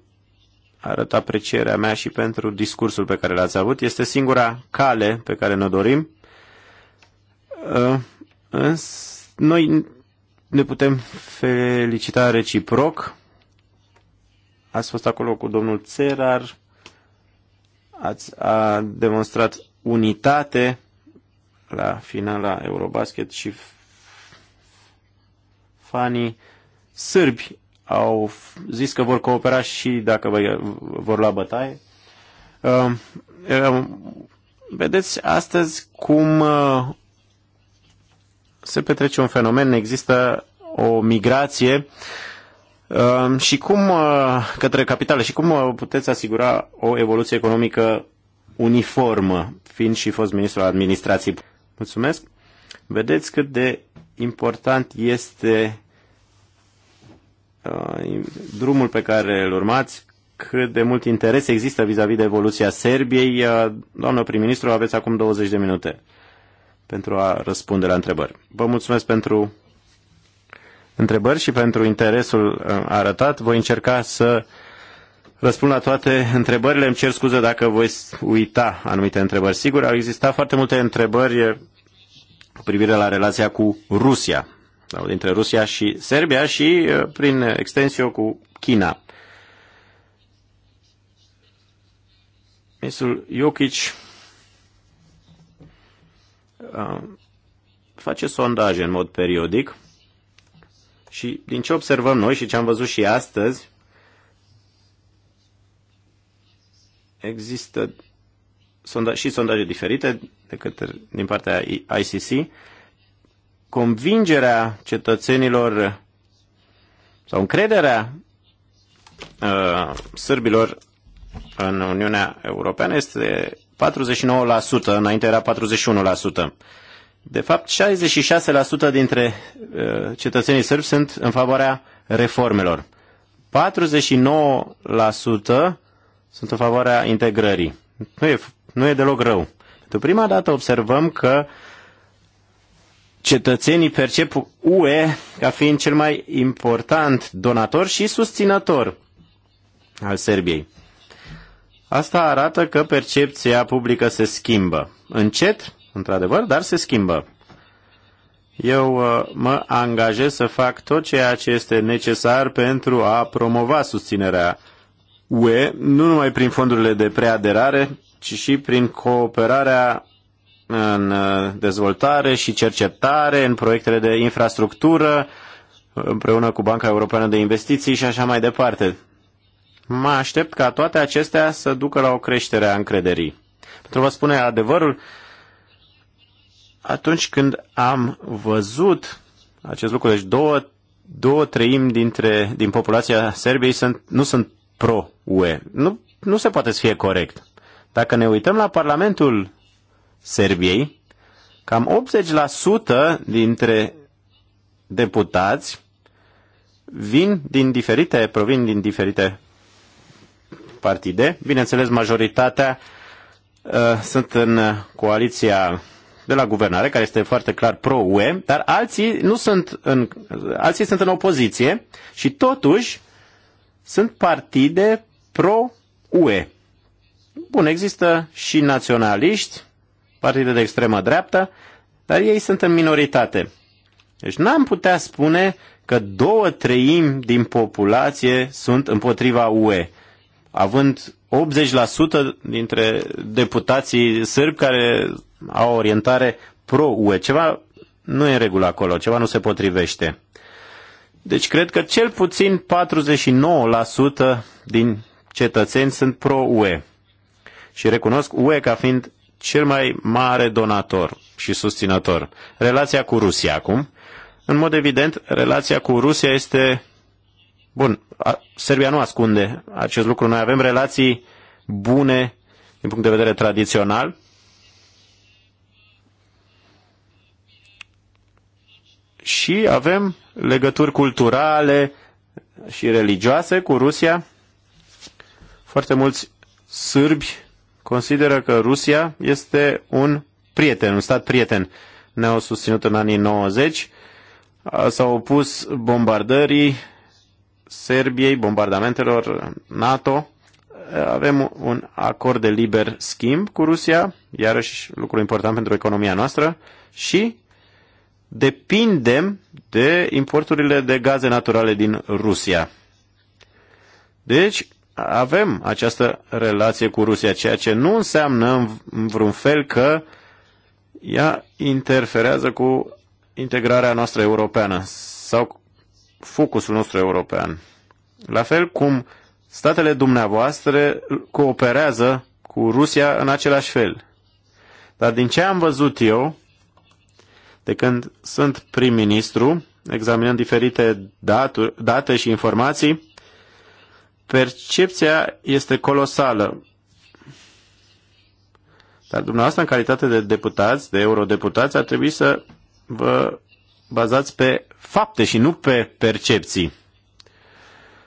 arăt aprecierea mea și pentru discursul pe care l-ați avut. Este singura cale pe care ne dorim. Uh, noi ne putem felicita reciproc. Ați fost acolo cu domnul Țerar, ați a demonstrat unitate la finala Eurobasket și fanii sârbi au zis că vor coopera și dacă vor lua bătaie. Um, um, vedeți astăzi cum uh, se petrece un fenomen, există o migrație Ehm, și cum, uh, către capitală și cum uh, puteți asigura o evoluție economică uniformă, fiind și fost ministrul administrației? Mulțumesc! Vedeți cât de important este uh, drumul pe care îl urmați, cât de mult interes există vis-a-vis -vis de evoluția Serbiei. Doamnă prim-ministru, aveți acum 20 de minute pentru a răspunde la întrebări. Vă mulțumesc pentru întrebări și pentru interesul uh, arătat. Voi încerca să răspund la toate întrebările. Îmi cer scuze dacă voi uita anumite întrebări. Sigur, au existat foarte multe întrebări uh, cu privire la relația cu Rusia, sau dintre Rusia și Serbia și, uh, prin extensie cu China. Ministrul Jokic face sondaje în mod periodic și din ce observăm noi și ce am văzut și astăzi, există sonda- și sondaje diferite de către, din partea ICC. Convingerea cetățenilor sau încrederea uh, sârbilor în Uniunea Europeană este 49%, înainte era 41%. De fapt, 66% dintre uh, cetățenii sârbi sunt în favoarea reformelor. 49% sunt în favoarea integrării. Nu e, nu e deloc rău. Pentru prima dată observăm că cetățenii percep UE ca fiind cel mai important donator și susținător al Serbiei. Asta arată că percepția publică se schimbă. Încet, într-adevăr, dar se schimbă. Eu uh, mă angajez să fac tot ceea ce este necesar pentru a promova susținerea UE, nu numai prin fondurile de preaderare, ci și prin cooperarea în uh, dezvoltare și cercetare, în proiectele de infrastructură, împreună cu Banca Europeană de Investiții și așa mai departe. Mă aștept ca toate acestea să ducă la o creștere a încrederii. Pentru a vă spune adevărul, atunci când am văzut acest lucru, deci două, două treimi dintre, din populația Serbiei sunt, nu sunt pro-UE. Nu, nu se poate să fie corect. Dacă ne uităm la Parlamentul Serbiei, cam 80% dintre deputați vin din diferite, provin din diferite partide. Bineînțeles, majoritatea uh, sunt în uh, coaliția de la guvernare, care este foarte clar pro-UE, dar alții, nu sunt în, alții sunt în opoziție și totuși sunt partide pro-UE. Bun, există și naționaliști, partide de extremă dreaptă, dar ei sunt în minoritate. Deci n-am putea spune că două treimi din populație sunt împotriva UE, având 80% dintre deputații sârbi care a o orientare pro-UE. Ceva nu e în regulă acolo, ceva nu se potrivește. Deci cred că cel puțin 49% din cetățeni sunt pro-UE și recunosc UE ca fiind cel mai mare donator și susținător. Relația cu Rusia acum. În mod evident, relația cu Rusia este... Bun, Serbia nu ascunde acest lucru. Noi avem relații bune din punct de vedere tradițional și avem legături culturale și religioase cu Rusia. Foarte mulți sârbi consideră că Rusia este un prieten, un stat prieten. Ne-au susținut în anii 90, s-au opus bombardării Serbiei, bombardamentelor NATO. Avem un acord de liber schimb cu Rusia, iarăși lucru important pentru economia noastră și depindem de importurile de gaze naturale din Rusia. Deci, avem această relație cu Rusia, ceea ce nu înseamnă în vreun fel că ea interferează cu integrarea noastră europeană sau focusul nostru european. La fel cum statele dumneavoastră cooperează cu Rusia în același fel. Dar din ce am văzut eu, de când sunt prim-ministru, examinând diferite daturi, date și informații, percepția este colosală. Dar dumneavoastră, în calitate de deputați, de eurodeputați, ar trebui să vă bazați pe fapte și nu pe percepții.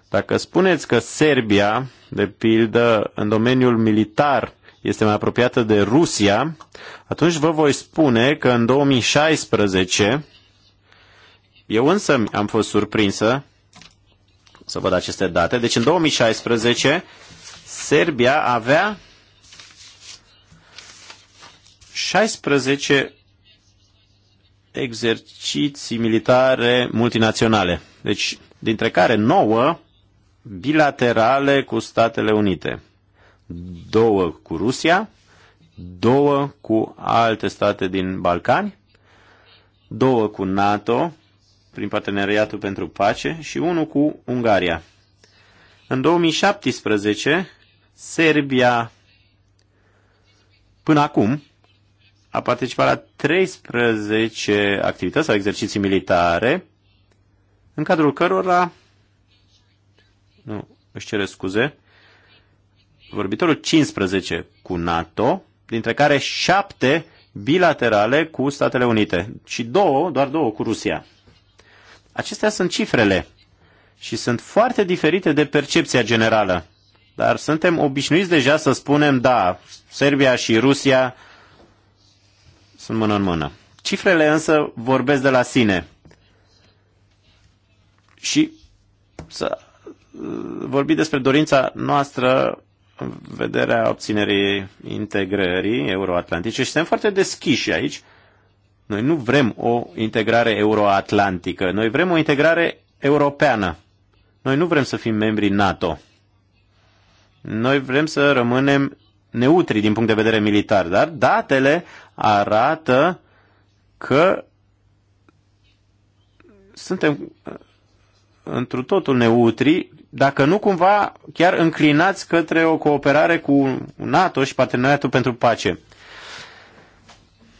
Dacă spuneți că Serbia, de pildă, în domeniul militar, este mai apropiată de Rusia, atunci vă voi spune că în 2016 eu însă am fost surprinsă să văd aceste date. Deci în 2016 Serbia avea 16 exerciții militare multinaționale, deci dintre care 9 bilaterale cu Statele Unite două cu Rusia, două cu alte state din Balcani, două cu NATO, prin Parteneriatul pentru Pace, și unul cu Ungaria. În 2017, Serbia, până acum, a participat la 13 activități sau exerciții militare, în cadrul cărora, nu, își cere scuze, vorbitorul 15 cu NATO, dintre care 7 bilaterale cu Statele Unite și două, doar două cu Rusia. Acestea sunt cifrele și sunt foarte diferite de percepția generală. Dar suntem obișnuiți deja să spunem, da, Serbia și Rusia sunt mână în mână. Cifrele însă vorbesc de la sine. Și să uh, vorbi despre dorința noastră vederea obținerii integrării euroatlantice și suntem foarte deschiși aici. Noi nu vrem o integrare euroatlantică, noi vrem o integrare europeană. Noi nu vrem să fim membri NATO. Noi vrem să rămânem neutri din punct de vedere militar, dar datele arată că suntem întru totul neutri dacă nu cumva chiar înclinați către o cooperare cu NATO și Parteneriatul pentru Pace.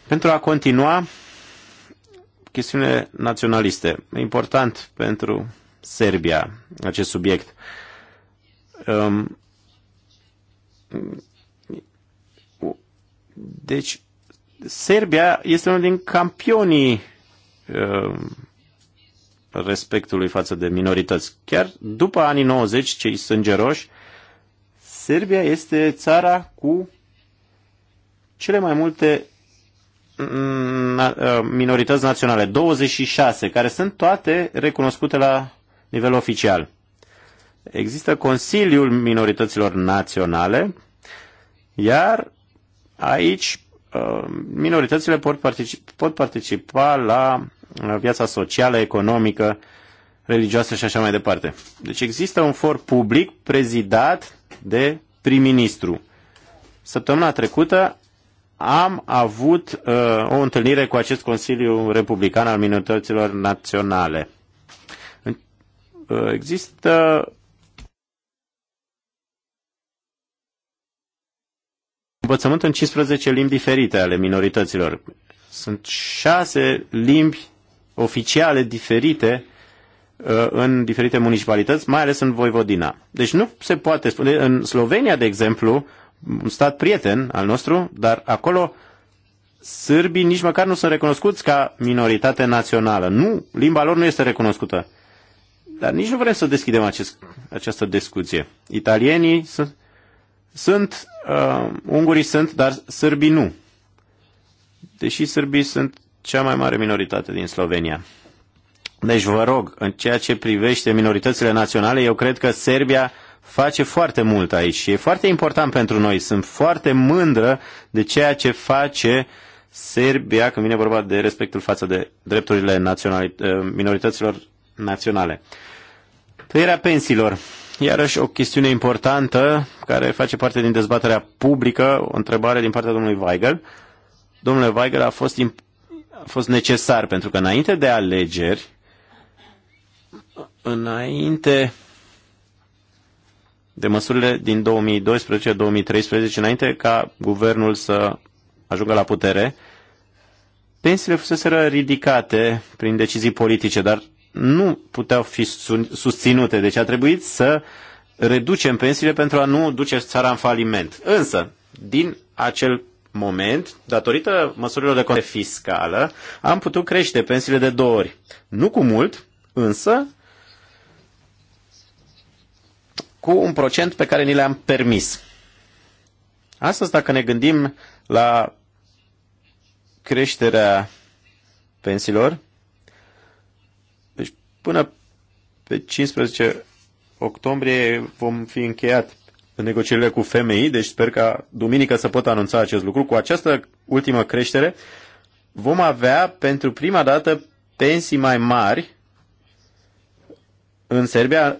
Pentru a continua, chestiune naționaliste. Important pentru Serbia acest subiect. Um, deci, Serbia este unul din campionii um, respectului față de minorități. Chiar după anii 90, cei sângeroși, Serbia este țara cu cele mai multe mm, uh, minorități naționale, 26, care sunt toate recunoscute la nivel oficial. Există Consiliul Minorităților Naționale, iar aici uh, minoritățile pot participa, pot participa la Uh, viața socială, economică, religioasă și așa mai departe. Deci există un for public prezidat de prim-ministru. Săptămâna trecută am avut uh, o întâlnire cu acest Consiliu Republican al Minorităților Naționale. Uh, există învățământ în 15 limbi diferite ale minorităților. Sunt șase limbi oficiale diferite uh, în diferite municipalități, mai ales în Voivodina. Deci nu se poate spune, în Slovenia, de exemplu, un stat prieten al nostru, dar acolo sârbii nici măcar nu sunt recunoscuți ca minoritate națională. Nu, limba lor nu este recunoscută. Dar nici nu vrem să deschidem acest, această discuție. Italienii sunt, sunt uh, ungurii sunt, dar sârbii nu. Deși sârbii sunt cea mai mare minoritate din Slovenia. Deci vă rog, în ceea ce privește minoritățile naționale, eu cred că Serbia face foarte mult aici și e foarte important pentru noi. Sunt foarte mândră de ceea ce face Serbia când vine vorba de respectul față de drepturile naționali, eh, minorităților naționale. Tăierea pensiilor. Iarăși o chestiune importantă care face parte din dezbaterea publică, o întrebare din partea domnului Weigel. Domnule Weigel, a fost imp- a fost necesar, pentru că înainte de alegeri, înainte de măsurile din 2012-2013, înainte ca guvernul să ajungă la putere, pensiile fuseseră ridicate prin decizii politice, dar nu puteau fi susținute, deci a trebuit să reducem pensiile pentru a nu duce țara în faliment. Însă, din acel moment, datorită măsurilor de conte fiscală, am putut crește pensiile de două ori. Nu cu mult, însă cu un procent pe care ni le-am permis. Astăzi, dacă ne gândim la creșterea pensiilor, deci până pe 15 octombrie vom fi încheiat în negocierile cu FMI, deci sper ca duminică să pot anunța acest lucru. Cu această ultimă creștere vom avea pentru prima dată pensii mai mari în Serbia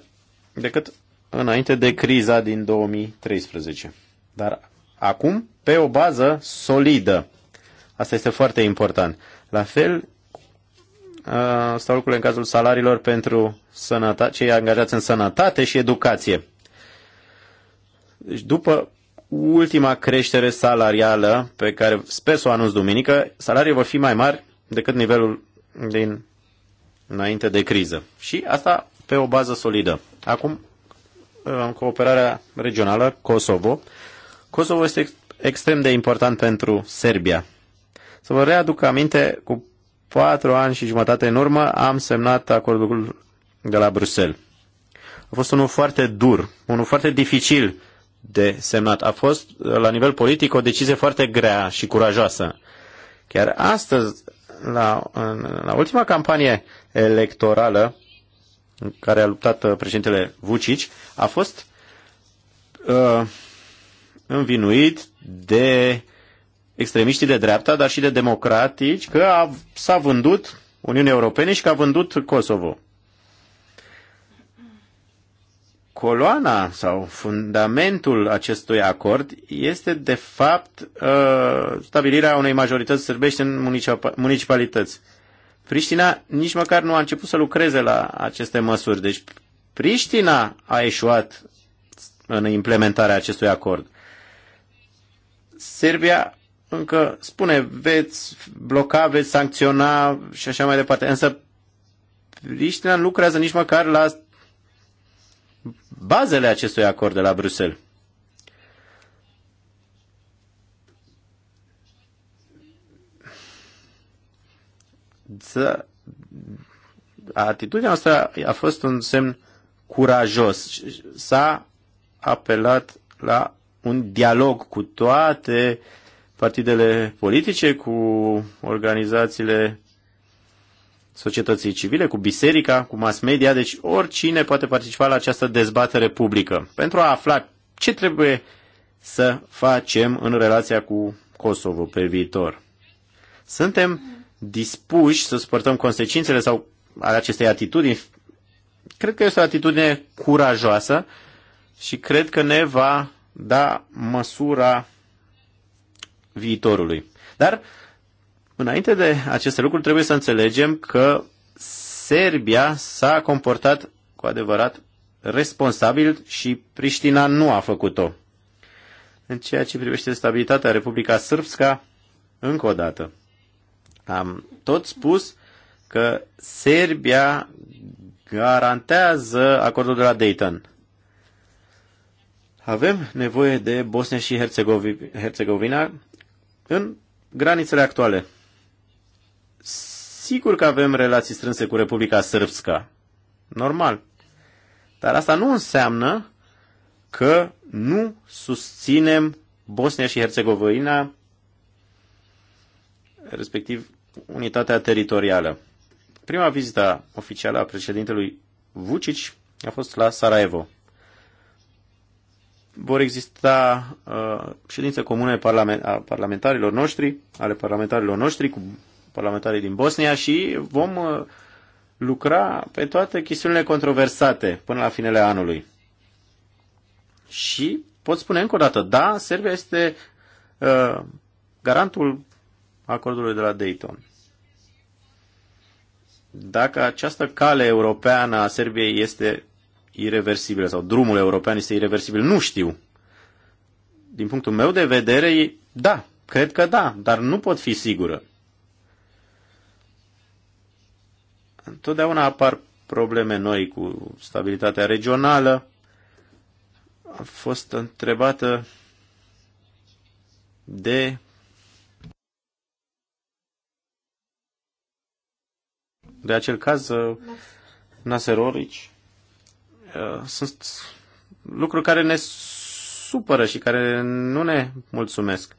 decât înainte de criza din 2013. Dar acum pe o bază solidă. Asta este foarte important. La fel stau lucrurile în cazul salariilor pentru sănătate, cei angajați în sănătate și educație. Deci după ultima creștere salarială pe care sper să o anunț duminică, salariile vor fi mai mari decât nivelul din înainte de criză. Și asta pe o bază solidă. Acum, în cooperarea regională, Kosovo. Kosovo este extrem de important pentru Serbia. Să vă readuc aminte, cu patru ani și jumătate în urmă am semnat acordul de la Bruxelles. A fost unul foarte dur, unul foarte dificil de semnat. A fost, la nivel politic, o decizie foarte grea și curajoasă. Chiar astăzi, la, în, la ultima campanie electorală în care a luptat uh, președintele Vucic, a fost uh, învinuit de extremiștii de dreapta, dar și de democratici, că a, s-a vândut Uniunea Europene și că a vândut Kosovo. coloana sau fundamentul acestui acord este, de fapt, uh, stabilirea unei majorități sârbești în municipalități. Priștina nici măcar nu a început să lucreze la aceste măsuri, deci Priștina a eșuat în implementarea acestui acord. Serbia încă spune, veți bloca, veți sancționa și așa mai departe, însă Priștina nu lucrează nici măcar la bazele acestui acord de la Bruxelles. Da, atitudinea asta a fost un semn curajos. S-a apelat la un dialog cu toate partidele politice, cu organizațiile societății civile, cu biserica, cu mass media, deci oricine poate participa la această dezbatere publică pentru a afla ce trebuie să facem în relația cu Kosovo pe viitor. Suntem dispuși să suportăm consecințele sau ale acestei atitudini? Cred că este o atitudine curajoasă și cred că ne va da măsura viitorului. Dar Înainte de aceste lucruri trebuie să înțelegem că Serbia s-a comportat cu adevărat responsabil și Priștina nu a făcut-o. În ceea ce privește stabilitatea Republica Sârbska, încă o dată, am tot spus că Serbia garantează acordul de la Dayton. Avem nevoie de Bosnia și Herțegovina în granițele actuale. Sigur că avem relații strânse cu Republica Sârbscă. Normal. Dar asta nu înseamnă că nu susținem Bosnia și Herțegovina, respectiv unitatea teritorială. Prima vizită oficială a președintelui Vucic a fost la Sarajevo. Vor exista uh, ședințe comune parlament- a parlamentarilor noștri, ale parlamentarilor noștri cu parlamentarii din Bosnia și vom uh, lucra pe toate chestiunile controversate până la finele anului. Și pot spune încă o dată, da, Serbia este uh, garantul acordului de la Dayton. Dacă această cale europeană a Serbiei este irreversibilă sau drumul european este irreversibil, nu știu. Din punctul meu de vedere, da, cred că da, dar nu pot fi sigură. Întotdeauna apar probleme noi cu stabilitatea regională. A fost întrebată de de acel caz uh, Orici. Uh, sunt lucruri care ne supără și care nu ne mulțumesc.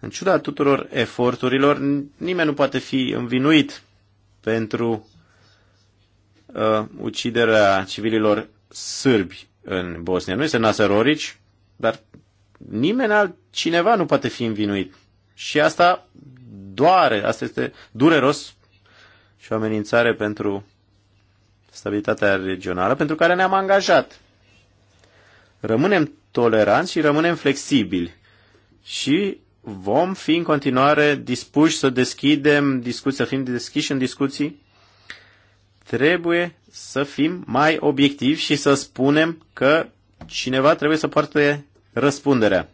În ciuda tuturor eforturilor, nimeni nu poate fi învinuit pentru uh, uciderea civililor sârbi în Bosnia. Nu este Nasser Oric, dar nimeni altcineva nu poate fi învinuit. Și asta doare, asta este dureros și o amenințare pentru stabilitatea regională pentru care ne-am angajat. Rămânem toleranți și rămânem flexibili. Și vom fi în continuare dispuși să deschidem discuții, să fim deschiși în discuții? Trebuie să fim mai obiectivi și să spunem că cineva trebuie să poarte răspunderea.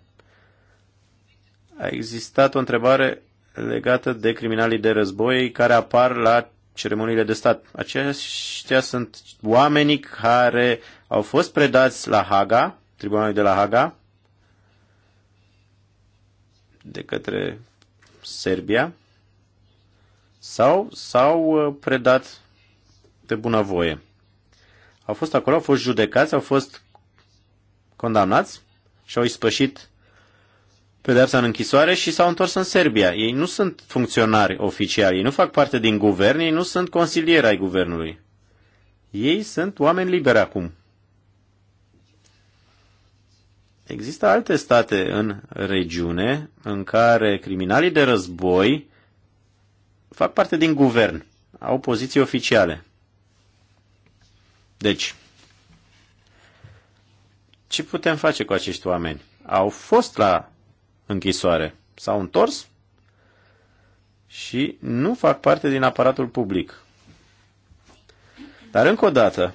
A existat o întrebare legată de criminalii de război care apar la ceremoniile de stat. Aceștia sunt oamenii care au fost predați la Haga, tribunalul de la Haga, de către Serbia sau s-au uh, predat de bunăvoie. Au fost acolo, au fost judecați, au fost condamnați și au ispășit pedeapsa în închisoare și s-au întors în Serbia. Ei nu sunt funcționari oficiali, ei nu fac parte din guvern, ei nu sunt consilieri ai guvernului. Ei sunt oameni liberi acum. Există alte state în regiune în care criminalii de război fac parte din guvern, au poziții oficiale. Deci, ce putem face cu acești oameni? Au fost la închisoare, s-au întors și nu fac parte din aparatul public. Dar încă o dată,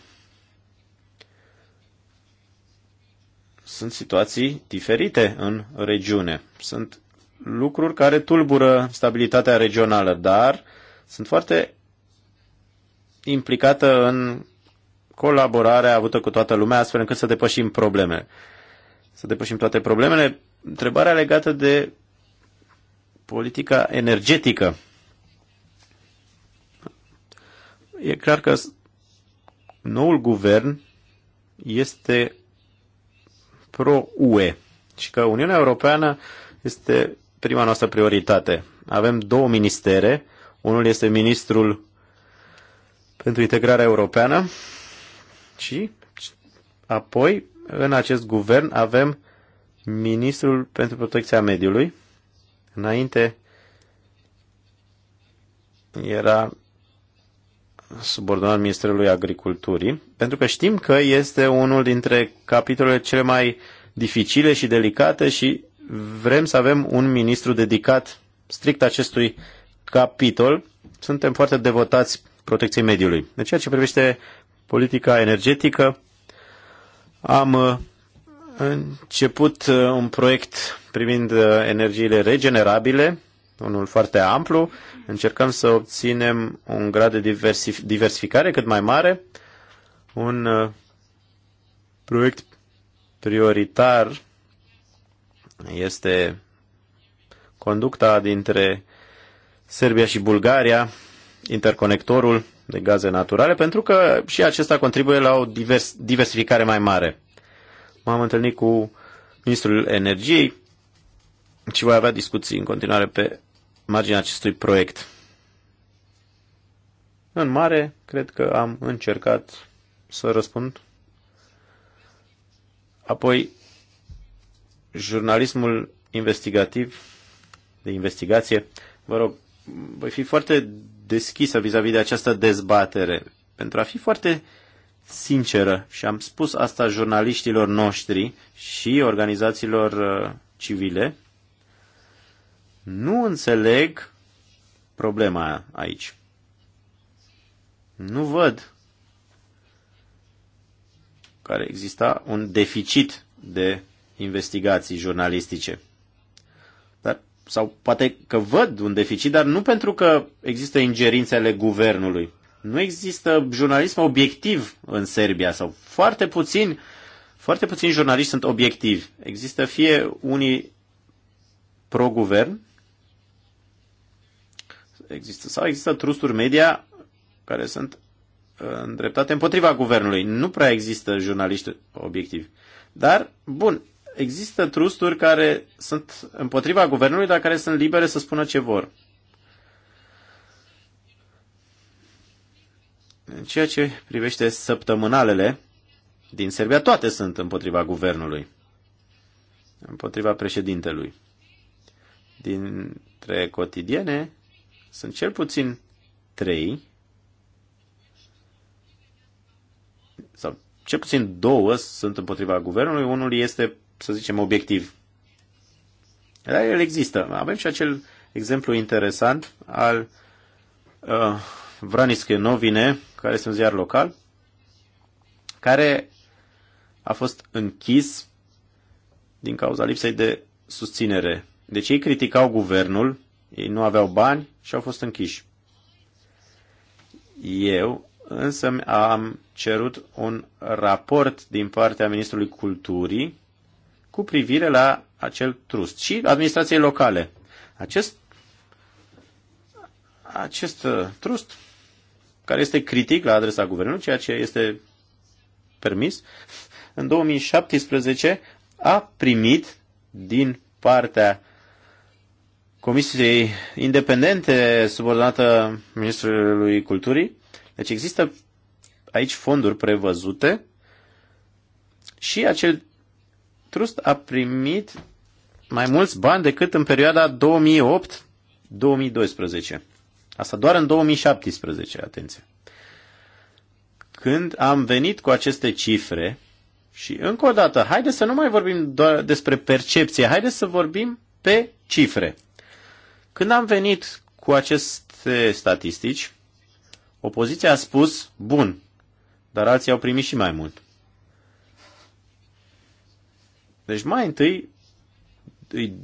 sunt situații diferite în regiune. Sunt lucruri care tulbură stabilitatea regională, dar sunt foarte implicată în colaborarea avută cu toată lumea, astfel încât să depășim problemele. Să depășim toate problemele. Întrebarea legată de politica energetică. E clar că noul guvern este pro-UE și că Uniunea Europeană este prima noastră prioritate. Avem două ministere. Unul este ministrul pentru integrarea europeană și apoi în acest guvern avem ministrul pentru protecția mediului. Înainte era subordonat Ministerului Agriculturii, pentru că știm că este unul dintre capitolele cele mai dificile și delicate și vrem să avem un ministru dedicat strict acestui capitol. Suntem foarte devotați protecției mediului. În ceea ce privește politica energetică, am uh, început uh, un proiect privind uh, energiile regenerabile, unul foarte amplu, încercăm să obținem un grad de diversif- diversificare cât mai mare, un uh, proiect prioritar este conducta dintre Serbia și Bulgaria, interconectorul de gaze naturale, pentru că și acesta contribuie la o divers- diversificare mai mare. M-am întâlnit cu ministrul energiei și voi avea discuții în continuare pe marginea acestui proiect. În mare, cred că am încercat să răspund. Apoi, jurnalismul investigativ, de investigație, vă rog, voi fi foarte deschisă vis-a-vis -vis de această dezbatere, pentru a fi foarte sinceră și am spus asta jurnaliștilor noștri și organizațiilor uh, civile, nu înțeleg problema aici. Nu văd care exista un deficit de investigații jurnalistice. Dar, sau poate că văd un deficit, dar nu pentru că există ingerințe ale guvernului. Nu există jurnalism obiectiv în Serbia sau foarte puțin, foarte puțini jurnaliști sunt obiectivi. Există fie unii pro-guvern există, sau există trusturi media care sunt uh, îndreptate împotriva guvernului. Nu prea există jurnaliști obiectivi. Dar, bun, există trusturi care sunt împotriva guvernului, dar care sunt libere să spună ce vor. În ceea ce privește săptămânalele din Serbia, toate sunt împotriva guvernului, împotriva președintelui. Dintre cotidiene, sunt cel puțin trei sau cel puțin două sunt împotriva guvernului, unul este, să zicem, obiectiv. Dar el există. Avem și acel exemplu interesant al uh, Vraniske Novine, care este un ziar local, care a fost închis din cauza lipsei de susținere. Deci ei criticau guvernul ei nu aveau bani și au fost închiși. Eu însă am cerut un raport din partea Ministrului Culturii cu privire la acel trust și administrației locale. Acest, acest uh, trust, care este critic la adresa guvernului, ceea ce este permis, în 2017 a primit din partea Comisiei Independente subordonată Ministrului Culturii. Deci există aici fonduri prevăzute și acel trust a primit mai mulți bani decât în perioada 2008-2012. Asta doar în 2017, atenție. Când am venit cu aceste cifre, și încă o dată, haideți să nu mai vorbim doar despre percepție, haideți să vorbim pe cifre. Când am venit cu aceste statistici, opoziția a spus, bun, dar alții au primit și mai mult. Deci mai întâi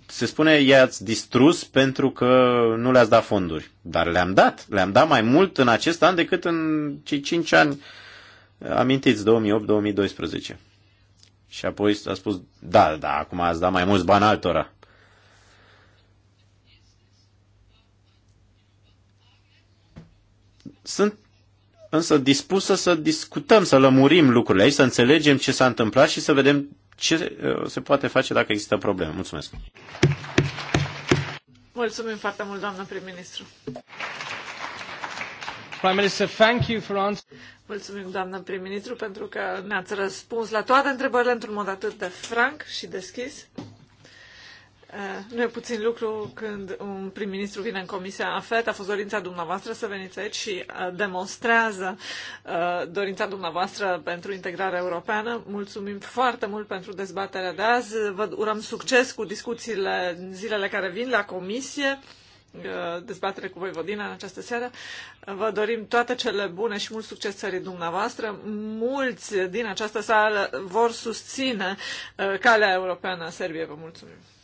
se spune i-ați distrus pentru că nu le-ați dat fonduri. Dar le-am dat. Le-am dat mai mult în acest an decât în cei 5 ani amintiți, 2008-2012. Și apoi a spus, da, da, acum ați dat mai mulți bani altora. Sunt însă dispusă să discutăm, să lămurim lucrurile aici, să înțelegem ce s-a întâmplat și să vedem ce uh, se poate face dacă există probleme. Mulțumesc! Mulțumim foarte mult, doamnă prim-ministru! Prime Minister, thank you for answering. Mulțumim, doamnă prim-ministru, pentru că ne-ați răspuns la toate întrebările într-un mod atât de franc și deschis. Eh, nu e puțin lucru când un prim-ministru vine în Comisia AFET, a fost dorința dumneavoastră să veniți aici și eh, demonstrează eh, dorința dumneavoastră pentru integrarea europeană. Mulțumim foarte mult pentru dezbaterea de azi. Vă urăm succes cu discuțiile în zilele care vin la Comisie dezbatere cu voi vodina în această seară. Vă dorim toate cele bune și mult succes țării dumneavoastră. Mulți din această sală vor susține calea europeană a Serbiei. Vă mulțumim!